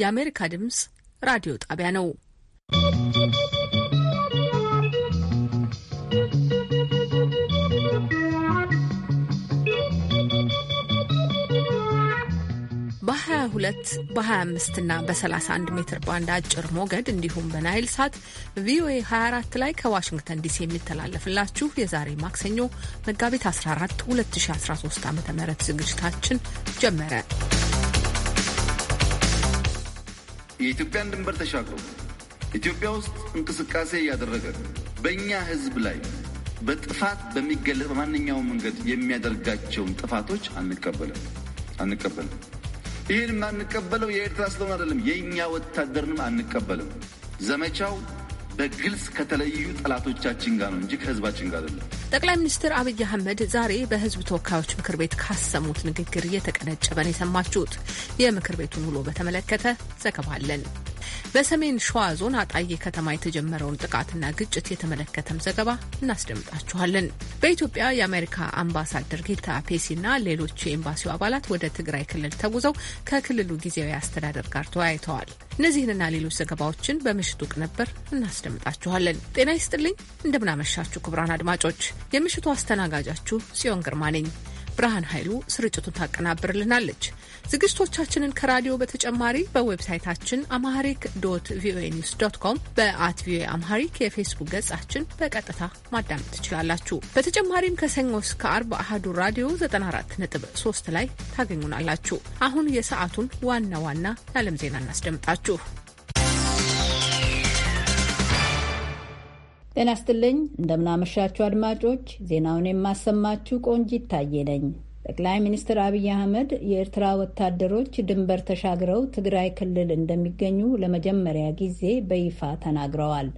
የአሜሪካ ድምጽ ራዲዮ ጣቢያ ነው። በ22 በ25 እና በ31 ሜትር ባንድ አጭር ሞገድ እንዲሁም በናይል ሳት ቪኦኤ 24 ላይ ከዋሽንግተን ዲሲ የሚተላለፍላችሁ የዛሬ ማክሰኞ መጋቢት 14 2013 ዓ ም ዝግጅታችን ጀመረ። የኢትዮጵያን ድንበር ተሻግሮ ኢትዮጵያ ውስጥ እንቅስቃሴ እያደረገ በእኛ ሕዝብ ላይ በጥፋት በሚገለጽ በማንኛውም መንገድ የሚያደርጋቸውን ጥፋቶች አንቀበልም አንቀበልም። ይህን የማንቀበለው የኤርትራ ስለሆነ አይደለም፣ የእኛ ወታደርንም አንቀበልም። ዘመቻው በግልጽ ከተለዩ ጠላቶቻችን ጋር ነው እንጂ ከህዝባችን ጋር አይደለም። ጠቅላይ ሚኒስትር አብይ አህመድ ዛሬ በህዝብ ተወካዮች ምክር ቤት ካሰሙት ንግግር እየተቀነጨበን የሰማችሁት። የምክር ቤቱን ውሎ በተመለከተ ዘገባ አለን። በሰሜን ሸዋ ዞን አጣዬ ከተማ የተጀመረውን ጥቃትና ግጭት የተመለከተም ዘገባ እናስደምጣችኋለን። በኢትዮጵያ የአሜሪካ አምባሳደር ጌታ ፔሲና ሌሎች የኤምባሲው አባላት ወደ ትግራይ ክልል ተጉዘው ከክልሉ ጊዜያዊ አስተዳደር ጋር ተወያይተዋል። እነዚህንና ሌሎች ዘገባዎችን በምሽቱ ቅንብር እናስደምጣችኋለን። ጤና ይስጥልኝ፣ እንደምናመሻችሁ ክቡራን አድማጮች፣ የምሽቱ አስተናጋጃችሁ ጽዮን ግርማ ነኝ። ብርሃን ኃይሉ ስርጭቱን ታቀናብርልናለች። ዝግጅቶቻችንን ከራዲዮ በተጨማሪ በዌብሳይታችን አማሪክ ዶት ቪኦኤ ኒውስ ዶት ኮም በአት ቪኦኤ አማሪክ የፌስቡክ ገጻችን በቀጥታ ማዳመጥ ትችላላችሁ። በተጨማሪም ከሰኞ እስከ አርብ አህዱ ራዲዮ 94.3 ላይ ታገኙናላችሁ። አሁን የሰዓቱን ዋና ዋና የዓለም ዜና እናስደምጣችሁ። ጤና ይስጥልኝ፣ እንደምናመሻችሁ አድማጮች። ዜናውን የማሰማችሁ ቆንጂ ታዬ ነኝ። ጠቅላይ ሚኒስትር አብይ አህመድ የኤርትራ ወታደሮች ድንበር ተሻግረው ትግራይ ክልል እንደሚገኙ ለመጀመሪያ ጊዜ በይፋ ተናግረዋል።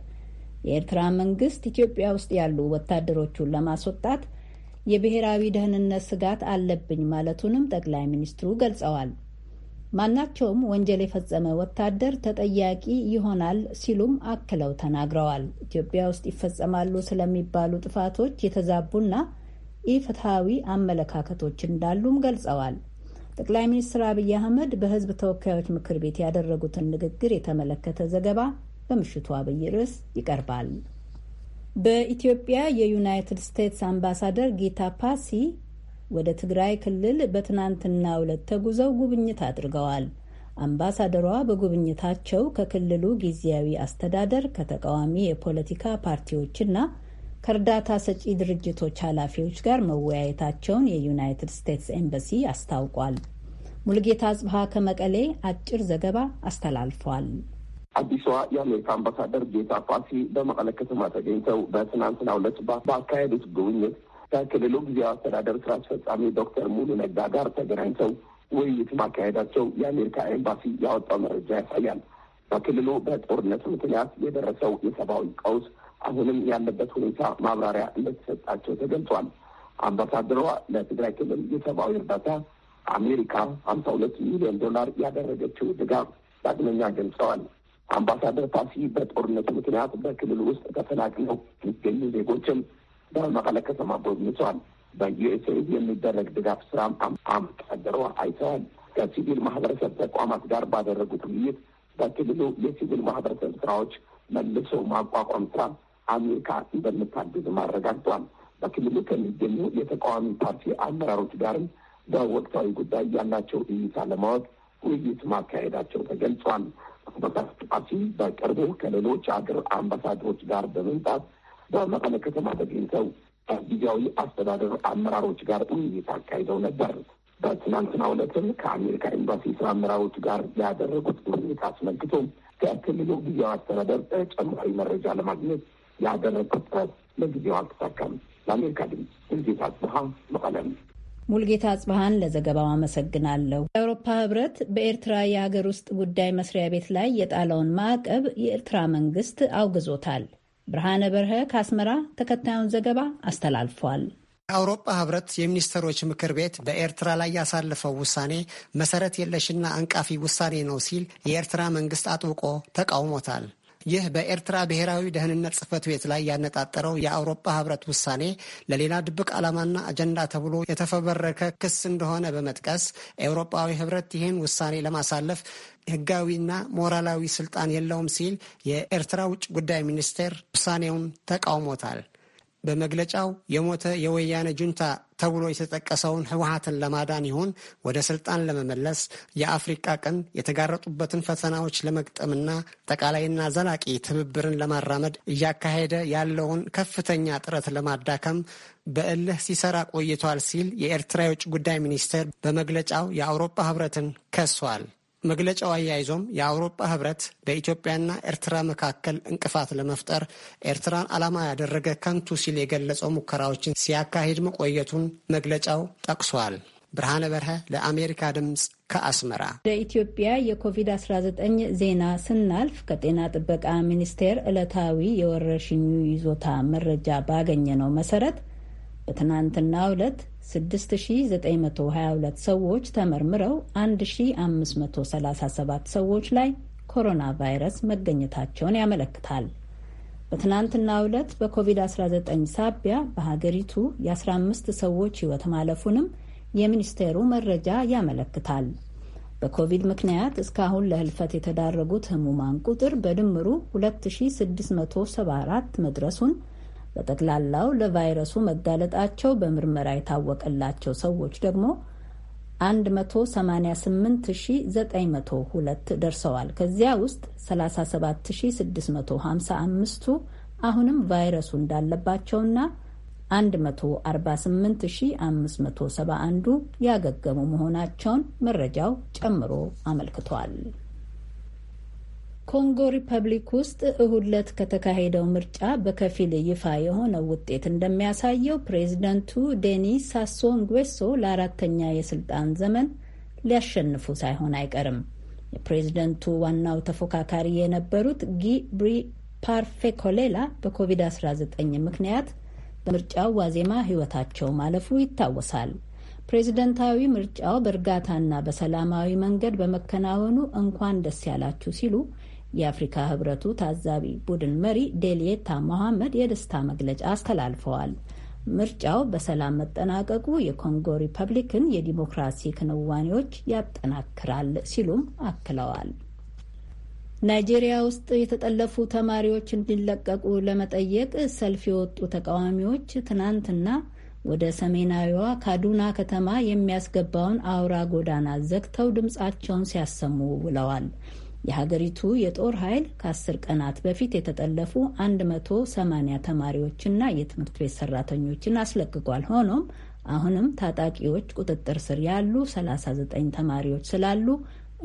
የኤርትራ መንግስት ኢትዮጵያ ውስጥ ያሉ ወታደሮቹን ለማስወጣት የብሔራዊ ደህንነት ስጋት አለብኝ ማለቱንም ጠቅላይ ሚኒስትሩ ገልጸዋል። ማናቸውም ወንጀል የፈጸመ ወታደር ተጠያቂ ይሆናል ሲሉም አክለው ተናግረዋል። ኢትዮጵያ ውስጥ ይፈጸማሉ ስለሚባሉ ጥፋቶች የተዛቡና ኢፍትሐዊ አመለካከቶች እንዳሉም ገልጸዋል። ጠቅላይ ሚኒስትር አብይ አህመድ በህዝብ ተወካዮች ምክር ቤት ያደረጉትን ንግግር የተመለከተ ዘገባ በምሽቱ አብይ ርዕስ ይቀርባል። በኢትዮጵያ የዩናይትድ ስቴትስ አምባሳደር ጊታ ፓሲ ወደ ትግራይ ክልል በትናንትና ዕለት ተጉዘው ጉብኝት አድርገዋል። አምባሳደሯ በጉብኝታቸው ከክልሉ ጊዜያዊ አስተዳደር ከተቃዋሚ የፖለቲካ ፓርቲዎችና ከእርዳታ ሰጪ ድርጅቶች ኃላፊዎች ጋር መወያየታቸውን የዩናይትድ ስቴትስ ኤምባሲ አስታውቋል። ሙልጌታ አጽብሃ ከመቀሌ አጭር ዘገባ አስተላልፏል። አዲሷ የአሜሪካ አምባሳደር ጌታ ፋሲ በመቀለ ከተማ ተገኝተው በትናንትናው ዕለት ባካሄዱት ጉብኝት ከክልሉ ጊዜያዊ አስተዳደር ስራ አስፈጻሚ ዶክተር ሙሉ ነጋ ጋር ተገናኝተው ውይይት ማካሄዳቸው የአሜሪካ ኤምባሲ ያወጣው መረጃ ያሳያል። በክልሉ በጦርነት ምክንያት የደረሰው የሰብአዊ ቀውስ አሁንም ያለበት ሁኔታ ማብራሪያ እንደተሰጣቸው ተገልጿል። አምባሳደሯ ለትግራይ ክልል የሰብአዊ እርዳታ አሜሪካ ሀምሳ ሁለት ሚሊዮን ዶላር ያደረገችው ድጋፍ ዳግመኛ ገልጸዋል። አምባሳደር ፓሲ በጦርነቱ ምክንያት በክልል ውስጥ ተፈናቅለው የሚገኙ ዜጎችም በመቀለ ከተማ ጎብኝተዋል። በዩኤስኤ የሚደረግ ድጋፍ ስራም አምባሳደሯ አይተዋል። ከሲቪል ማህበረሰብ ተቋማት ጋር ባደረጉት ውይይት በክልሉ የሲቪል ማህበረሰብ ስራዎች መልሶ ማቋቋም ስራ አሜሪካ እንደምታግዝ ማረጋግጧል። በክልሉ ከሚገኙ የተቃዋሚ ፓርቲ አመራሮች ጋርም በወቅታዊ ጉዳይ ያላቸው እይታ ለማወቅ ውይይት ማካሄዳቸው ተገልጿል። አምባሳደር ፓርቲ በቅርቡ ከሌሎች ሀገር አምባሳደሮች ጋር በመምጣት በመቀለ ከተማ ተገኝተው ጊዜያዊ አስተዳደር አመራሮች ጋር ውይይት አካሂደው ነበር። በትናንትና ዕለትም ከአሜሪካ ኤምባሲ ስራ አመራሮች ጋር ያደረጉት ውይይት አስመልክቶ ከክልሉ ጊዜያዊ አስተዳደር ተጨማሪ መረጃ ለማግኘት ያደረግኩት ጥረት ለጊዜው አልተሳካም። ለአሜሪካ ድምፅ ሙልጌታ አጽብሃ መቀለም። ሙልጌታ አጽብሃን ለዘገባው አመሰግናለሁ። የአውሮፓ ህብረት በኤርትራ የሀገር ውስጥ ጉዳይ መስሪያ ቤት ላይ የጣለውን ማዕቀብ የኤርትራ መንግስት አውግዞታል። ብርሃነ በርሀ ከአስመራ ተከታዩን ዘገባ አስተላልፏል። የአውሮፓ ህብረት የሚኒስትሮች ምክር ቤት በኤርትራ ላይ ያሳለፈው ውሳኔ መሰረት የለሽና አንቃፊ ውሳኔ ነው ሲል የኤርትራ መንግስት አጥብቆ ተቃውሞታል። ይህ በኤርትራ ብሔራዊ ደህንነት ጽህፈት ቤት ላይ ያነጣጠረው የአውሮፓ ህብረት ውሳኔ ለሌላ ድብቅ ዓላማና አጀንዳ ተብሎ የተፈበረከ ክስ እንደሆነ በመጥቀስ አውሮፓዊ ህብረት ይህን ውሳኔ ለማሳለፍ ህጋዊና ሞራላዊ ስልጣን የለውም ሲል የኤርትራ ውጭ ጉዳይ ሚኒስቴር ውሳኔውን ተቃውሞታል። በመግለጫው የሞተ የወያኔ ጁንታ ተብሎ የተጠቀሰውን ህወሀትን ለማዳን ይሁን ወደ ስልጣን ለመመለስ የአፍሪቃ ቀንድ የተጋረጡበትን ፈተናዎች ለመግጠምና ጠቃላይና ዘላቂ ትብብርን ለማራመድ እያካሄደ ያለውን ከፍተኛ ጥረት ለማዳከም በእልህ ሲሰራ ቆይቷል ሲል የኤርትራ የውጭ ጉዳይ ሚኒስቴር በመግለጫው የአውሮፓ ህብረትን ከሷል። መግለጫው አያይዞም የአውሮፓ ህብረት በኢትዮጵያና ኤርትራ መካከል እንቅፋት ለመፍጠር ኤርትራን ዓላማ ያደረገ ከንቱ ሲል የገለጸው ሙከራዎችን ሲያካሂድ መቆየቱን መግለጫው ጠቅሷል። ብርሃነ በርሀ ለአሜሪካ ድምፅ ከአስመራ። ለኢትዮጵያ የኮቪድ-19 ዜና ስናልፍ ከጤና ጥበቃ ሚኒስቴር ዕለታዊ የወረርሽኙ ይዞታ መረጃ ባገኘ ነው መሰረት በትናንትናው ዕለት 6922 ሰዎች ተመርምረው 1537 ሰዎች ላይ ኮሮና ቫይረስ መገኘታቸውን ያመለክታል። በትናንትናው ዕለት በኮቪድ-19 ሳቢያ በሀገሪቱ የ15 ሰዎች ሕይወት ማለፉንም የሚኒስቴሩ መረጃ ያመለክታል። በኮቪድ ምክንያት እስካሁን ለህልፈት የተዳረጉት ህሙማን ቁጥር በድምሩ 2674 መድረሱን በጠቅላላው ለቫይረሱ መጋለጣቸው በምርመራ የታወቀላቸው ሰዎች ደግሞ 188902 ደርሰዋል። ከዚያ ውስጥ 37655ቱ አሁንም ቫይረሱ እንዳለባቸውና 148571ዱ ያገገሙ መሆናቸውን መረጃው ጨምሮ አመልክቷል። ኮንጎ ሪፐብሊክ ውስጥ እሁድ ዕለት ከተካሄደው ምርጫ በከፊል ይፋ የሆነው ውጤት እንደሚያሳየው ፕሬዚደንቱ ዴኒስ ሳሶ ንጌሶ ለአራተኛ የስልጣን ዘመን ሊያሸንፉ ሳይሆን አይቀርም። የፕሬዝደንቱ ዋናው ተፎካካሪ የነበሩት ጊብሪ ብሪ ፓርፌኮሌላ በኮቪድ-19 ምክንያት በምርጫው ዋዜማ ሕይወታቸው ማለፉ ይታወሳል። ፕሬዝደንታዊ ምርጫው በእርጋታና በሰላማዊ መንገድ በመከናወኑ እንኳን ደስ ያላችሁ ሲሉ የአፍሪካ ህብረቱ ታዛቢ ቡድን መሪ ዴልየታ ሞሐመድ የደስታ መግለጫ አስተላልፈዋል። ምርጫው በሰላም መጠናቀቁ የኮንጎ ሪፐብሊክን የዲሞክራሲ ክንዋኔዎች ያጠናክራል ሲሉም አክለዋል። ናይጄሪያ ውስጥ የተጠለፉ ተማሪዎች እንዲለቀቁ ለመጠየቅ ሰልፍ የወጡ ተቃዋሚዎች ትናንትና ወደ ሰሜናዊዋ ካዱና ከተማ የሚያስገባውን አውራ ጎዳና ዘግተው ድምፃቸውን ሲያሰሙ ውለዋል። የሀገሪቱ የጦር ኃይል ከአስር ቀናት በፊት የተጠለፉ 180 ተማሪዎችና የትምህርት ቤት ሰራተኞችን አስለቅቋል። ሆኖም አሁንም ታጣቂዎች ቁጥጥር ስር ያሉ 39 ተማሪዎች ስላሉ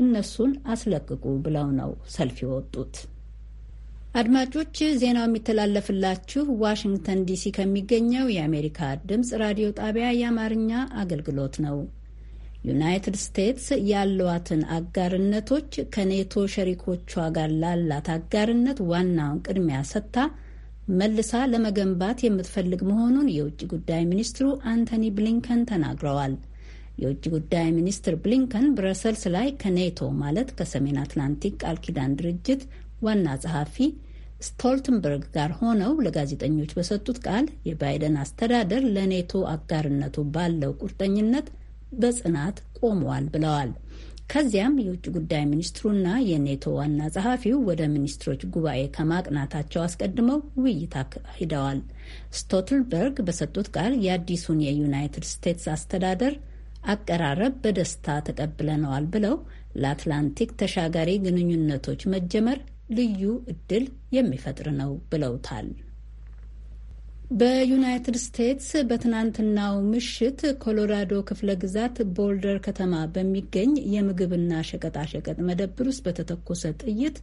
እነሱን አስለቅቁ ብለው ነው ሰልፍ የወጡት። አድማጮች፣ ዜናው የሚተላለፍላችሁ ዋሽንግተን ዲሲ ከሚገኘው የአሜሪካ ድምፅ ራዲዮ ጣቢያ የአማርኛ አገልግሎት ነው። ዩናይትድ ስቴትስ ያሏትን አጋርነቶች ከኔቶ ሸሪኮቿ ጋር ላላት አጋርነት ዋናውን ቅድሚያ ሰጥታ መልሳ ለመገንባት የምትፈልግ መሆኑን የውጭ ጉዳይ ሚኒስትሩ አንቶኒ ብሊንከን ተናግረዋል። የውጭ ጉዳይ ሚኒስትር ብሊንከን ብረሰልስ ላይ ከኔቶ ማለት ከሰሜን አትላንቲክ ቃል ኪዳን ድርጅት ዋና ጸሐፊ ስቶልትንበርግ ጋር ሆነው ለጋዜጠኞች በሰጡት ቃል የባይደን አስተዳደር ለኔቶ አጋርነቱ ባለው ቁርጠኝነት በጽናት ቆመዋል ብለዋል። ከዚያም የውጭ ጉዳይ ሚኒስትሩና የኔቶ ዋና ጸሐፊው ወደ ሚኒስትሮች ጉባኤ ከማቅናታቸው አስቀድመው ውይይት አካሂደዋል። ስቶልተንበርግ በሰጡት ቃል የአዲሱን የዩናይትድ ስቴትስ አስተዳደር አቀራረብ በደስታ ተቀብለነዋል ብለው ለአትላንቲክ ተሻጋሪ ግንኙነቶች መጀመር ልዩ እድል የሚፈጥር ነው ብለውታል። በዩናይትድ ስቴትስ በትናንትናው ምሽት ኮሎራዶ ክፍለ ግዛት ቦልደር ከተማ በሚገኝ የምግብና ሸቀጣሸቀጥ መደብር ውስጥ በተተኮሰ ጥይት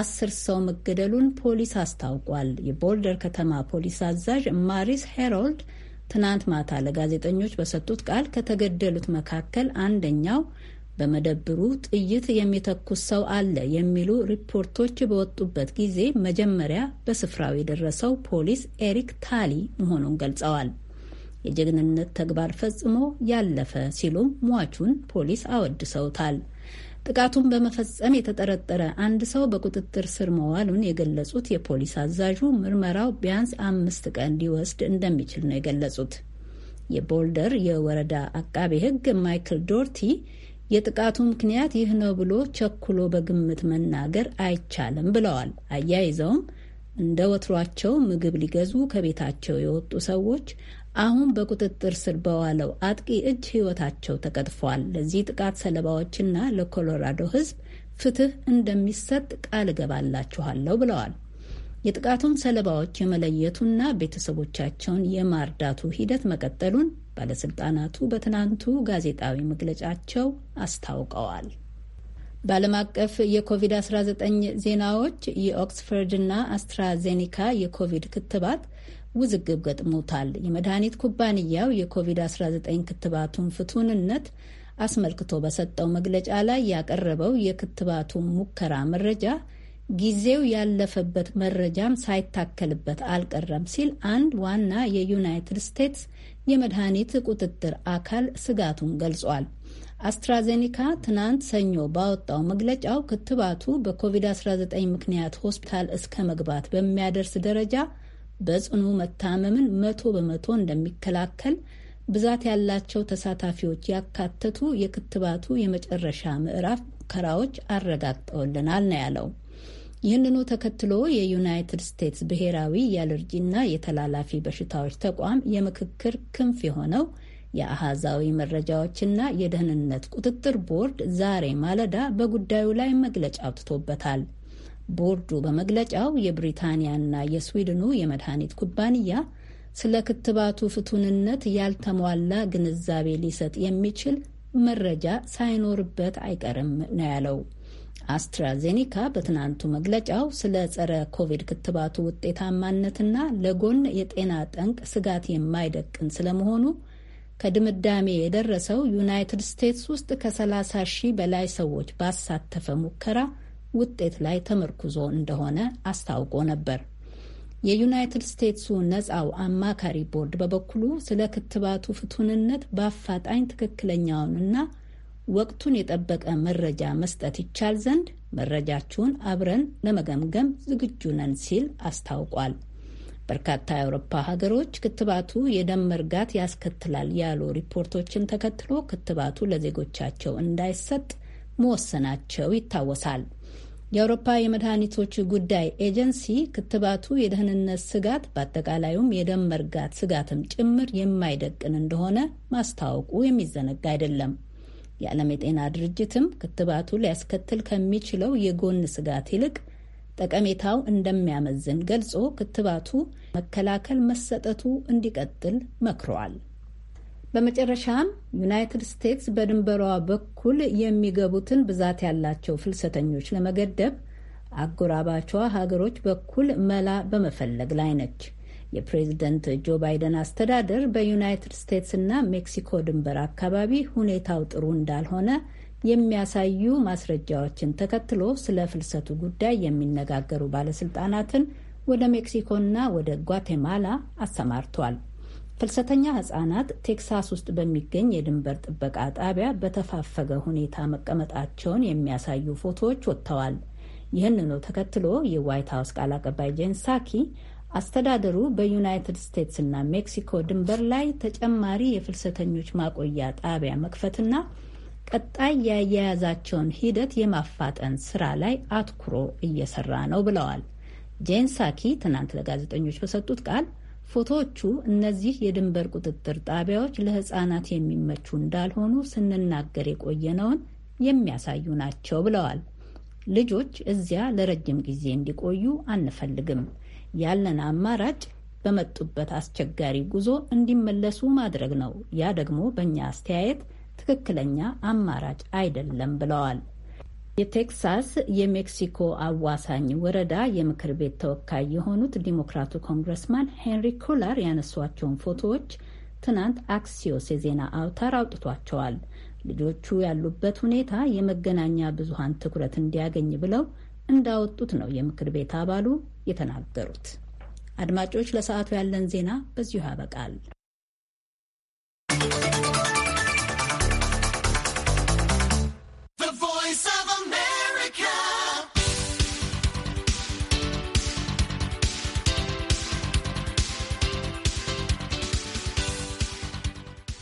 አስር ሰው መገደሉን ፖሊስ አስታውቋል። የቦልደር ከተማ ፖሊስ አዛዥ ማሪስ ሄሮልድ ትናንት ማታ ለጋዜጠኞች በሰጡት ቃል ከተገደሉት መካከል አንደኛው በመደብሩ ጥይት የሚተኩስ ሰው አለ የሚሉ ሪፖርቶች በወጡበት ጊዜ መጀመሪያ በስፍራው የደረሰው ፖሊስ ኤሪክ ታሊ መሆኑን ገልጸዋል። የጀግንነት ተግባር ፈጽሞ ያለፈ ሲሉም ሟቹን ፖሊስ አወድሰውታል። ጥቃቱን በመፈጸም የተጠረጠረ አንድ ሰው በቁጥጥር ስር መዋሉን የገለጹት የፖሊስ አዛዡ ምርመራው ቢያንስ አምስት ቀን ሊወስድ እንደሚችል ነው የገለጹት። የቦልደር የወረዳ አቃቤ ሕግ ማይክል ዶርቲ የጥቃቱ ምክንያት ይህ ነው ብሎ ቸኩሎ በግምት መናገር አይቻልም ብለዋል። አያይዘውም እንደ ወትሯቸው ምግብ ሊገዙ ከቤታቸው የወጡ ሰዎች አሁን በቁጥጥር ስር በዋለው አጥቂ እጅ ሕይወታቸው ተቀጥፏል። ለዚህ ጥቃት ሰለባዎችና ለኮሎራዶ ሕዝብ ፍትህ እንደሚሰጥ ቃል እገባላችኋለሁ ብለዋል። የጥቃቱን ሰለባዎች የመለየቱና ቤተሰቦቻቸውን የማርዳቱ ሂደት መቀጠሉን ባለስልጣናቱ በትናንቱ ጋዜጣዊ መግለጫቸው አስታውቀዋል። በዓለም አቀፍ የኮቪድ-19 ዜናዎች የኦክስፈርድና አስትራዜኒካ የኮቪድ ክትባት ውዝግብ ገጥሞታል። የመድኃኒት ኩባንያው የኮቪድ-19 ክትባቱን ፍቱንነት አስመልክቶ በሰጠው መግለጫ ላይ ያቀረበው የክትባቱ ሙከራ መረጃ ጊዜው ያለፈበት መረጃም ሳይታከልበት አልቀረም ሲል አንድ ዋና የዩናይትድ ስቴትስ የመድኃኒት ቁጥጥር አካል ስጋቱን ገልጿል። አስትራዜኒካ ትናንት ሰኞ ባወጣው መግለጫው ክትባቱ በኮቪድ-19 ምክንያት ሆስፒታል እስከ መግባት በሚያደርስ ደረጃ በጽኑ መታመምን መቶ በመቶ እንደሚከላከል ብዛት ያላቸው ተሳታፊዎች ያካተቱ የክትባቱ የመጨረሻ ምዕራፍ ሙከራዎች አረጋግጠውልናል ነው ያለው። ይህንኑ ተከትሎ የዩናይትድ ስቴትስ ብሔራዊ የአለርጂና የተላላፊ በሽታዎች ተቋም የምክክር ክንፍ የሆነው የአሃዛዊ መረጃዎችና የደህንነት ቁጥጥር ቦርድ ዛሬ ማለዳ በጉዳዩ ላይ መግለጫ አውጥቶበታል። ቦርዱ በመግለጫው የብሪታንያና የስዊድኑ የመድኃኒት ኩባንያ ስለ ክትባቱ ፍቱንነት ያልተሟላ ግንዛቤ ሊሰጥ የሚችል መረጃ ሳይኖርበት አይቀርም ነው ያለው። አስትራዜኒካ በትናንቱ መግለጫው ስለ ጸረ ኮቪድ ክትባቱ ውጤታማነትና ለጎን የጤና ጠንቅ ስጋት የማይደቅን ስለመሆኑ ከድምዳሜ የደረሰው ዩናይትድ ስቴትስ ውስጥ ከ30 ሺህ በላይ ሰዎች ባሳተፈ ሙከራ ውጤት ላይ ተመርኩዞ እንደሆነ አስታውቆ ነበር። የዩናይትድ ስቴትሱ ነፃው አማካሪ ቦርድ በበኩሉ ስለ ክትባቱ ፍቱንነት በአፋጣኝ ትክክለኛውንና ወቅቱን የጠበቀ መረጃ መስጠት ይቻል ዘንድ መረጃችሁን አብረን ለመገምገም ዝግጁ ነን ሲል አስታውቋል። በርካታ የአውሮፓ ሀገሮች ክትባቱ የደም መርጋት ያስከትላል ያሉ ሪፖርቶችን ተከትሎ ክትባቱ ለዜጎቻቸው እንዳይሰጥ መወሰናቸው ይታወሳል። የአውሮፓ የመድኃኒቶች ጉዳይ ኤጀንሲ ክትባቱ የደህንነት ስጋት በአጠቃላዩም የደም መርጋት ስጋትም ጭምር የማይደቅን እንደሆነ ማስታወቁ የሚዘነጋ አይደለም። የዓለም የጤና ድርጅትም ክትባቱ ሊያስከትል ከሚችለው የጎን ስጋት ይልቅ ጠቀሜታው እንደሚያመዝን ገልጾ ክትባቱ መከላከል መሰጠቱ እንዲቀጥል መክረዋል። በመጨረሻም ዩናይትድ ስቴትስ በድንበሯ በኩል የሚገቡትን ብዛት ያላቸው ፍልሰተኞች ለመገደብ አጎራባቿ ሀገሮች በኩል መላ በመፈለግ ላይ ነች። የፕሬዝደንት ጆ ባይደን አስተዳደር በዩናይትድ እና ሜክሲኮ ድንበር አካባቢ ሁኔታው ጥሩ እንዳልሆነ የሚያሳዩ ማስረጃዎችን ተከትሎ ስለ ፍልሰቱ ጉዳይ የሚነጋገሩ ባለስልጣናትን ወደ ሜክሲኮና ወደ ጓቴማላ አሰማርቷል። ፍልሰተኛ ህጻናት ቴክሳስ ውስጥ በሚገኝ የድንበር ጥበቃ ጣቢያ በተፋፈገ ሁኔታ መቀመጣቸውን የሚያሳዩ ፎቶዎች ወጥተዋል። ይህንኑ ተከትሎ የዋይት ሀውስ ቃል አቀባይ ጄን ሳኪ አስተዳደሩ በዩናይትድ እና ሜክሲኮ ድንበር ላይ ተጨማሪ የፍልሰተኞች ማቆያ ጣቢያ መክፈትና ቀጣይ ያያያዛቸውን ሂደት የማፋጠን ስራ ላይ አትኩሮ እየሰራ ነው ብለዋል። ጄን ሳኪ ትናንት ለጋዜጠኞች በሰጡት ቃል ፎቶዎቹ እነዚህ የድንበር ቁጥጥር ጣቢያዎች ለሕፃናት የሚመቹ እንዳልሆኑ ስንናገር የቆየነውን የሚያሳዩ ናቸው ብለዋል። ልጆች እዚያ ለረጅም ጊዜ እንዲቆዩ አንፈልግም። ያለን አማራጭ በመጡበት አስቸጋሪ ጉዞ እንዲመለሱ ማድረግ ነው። ያ ደግሞ በእኛ አስተያየት ትክክለኛ አማራጭ አይደለም ብለዋል። የቴክሳስ የሜክሲኮ አዋሳኝ ወረዳ የምክር ቤት ተወካይ የሆኑት ዲሞክራቱ ኮንግረስማን ሄንሪ ኮላር ያነሷቸውን ፎቶዎች ትናንት አክሲዮስ የዜና አውታር አውጥቷቸዋል። ልጆቹ ያሉበት ሁኔታ የመገናኛ ብዙሃን ትኩረት እንዲያገኝ ብለው እንዳወጡት ነው የምክር ቤት አባሉ የተናገሩት። አድማጮች፣ ለሰዓቱ ያለን ዜና በዚሁ ያበቃል።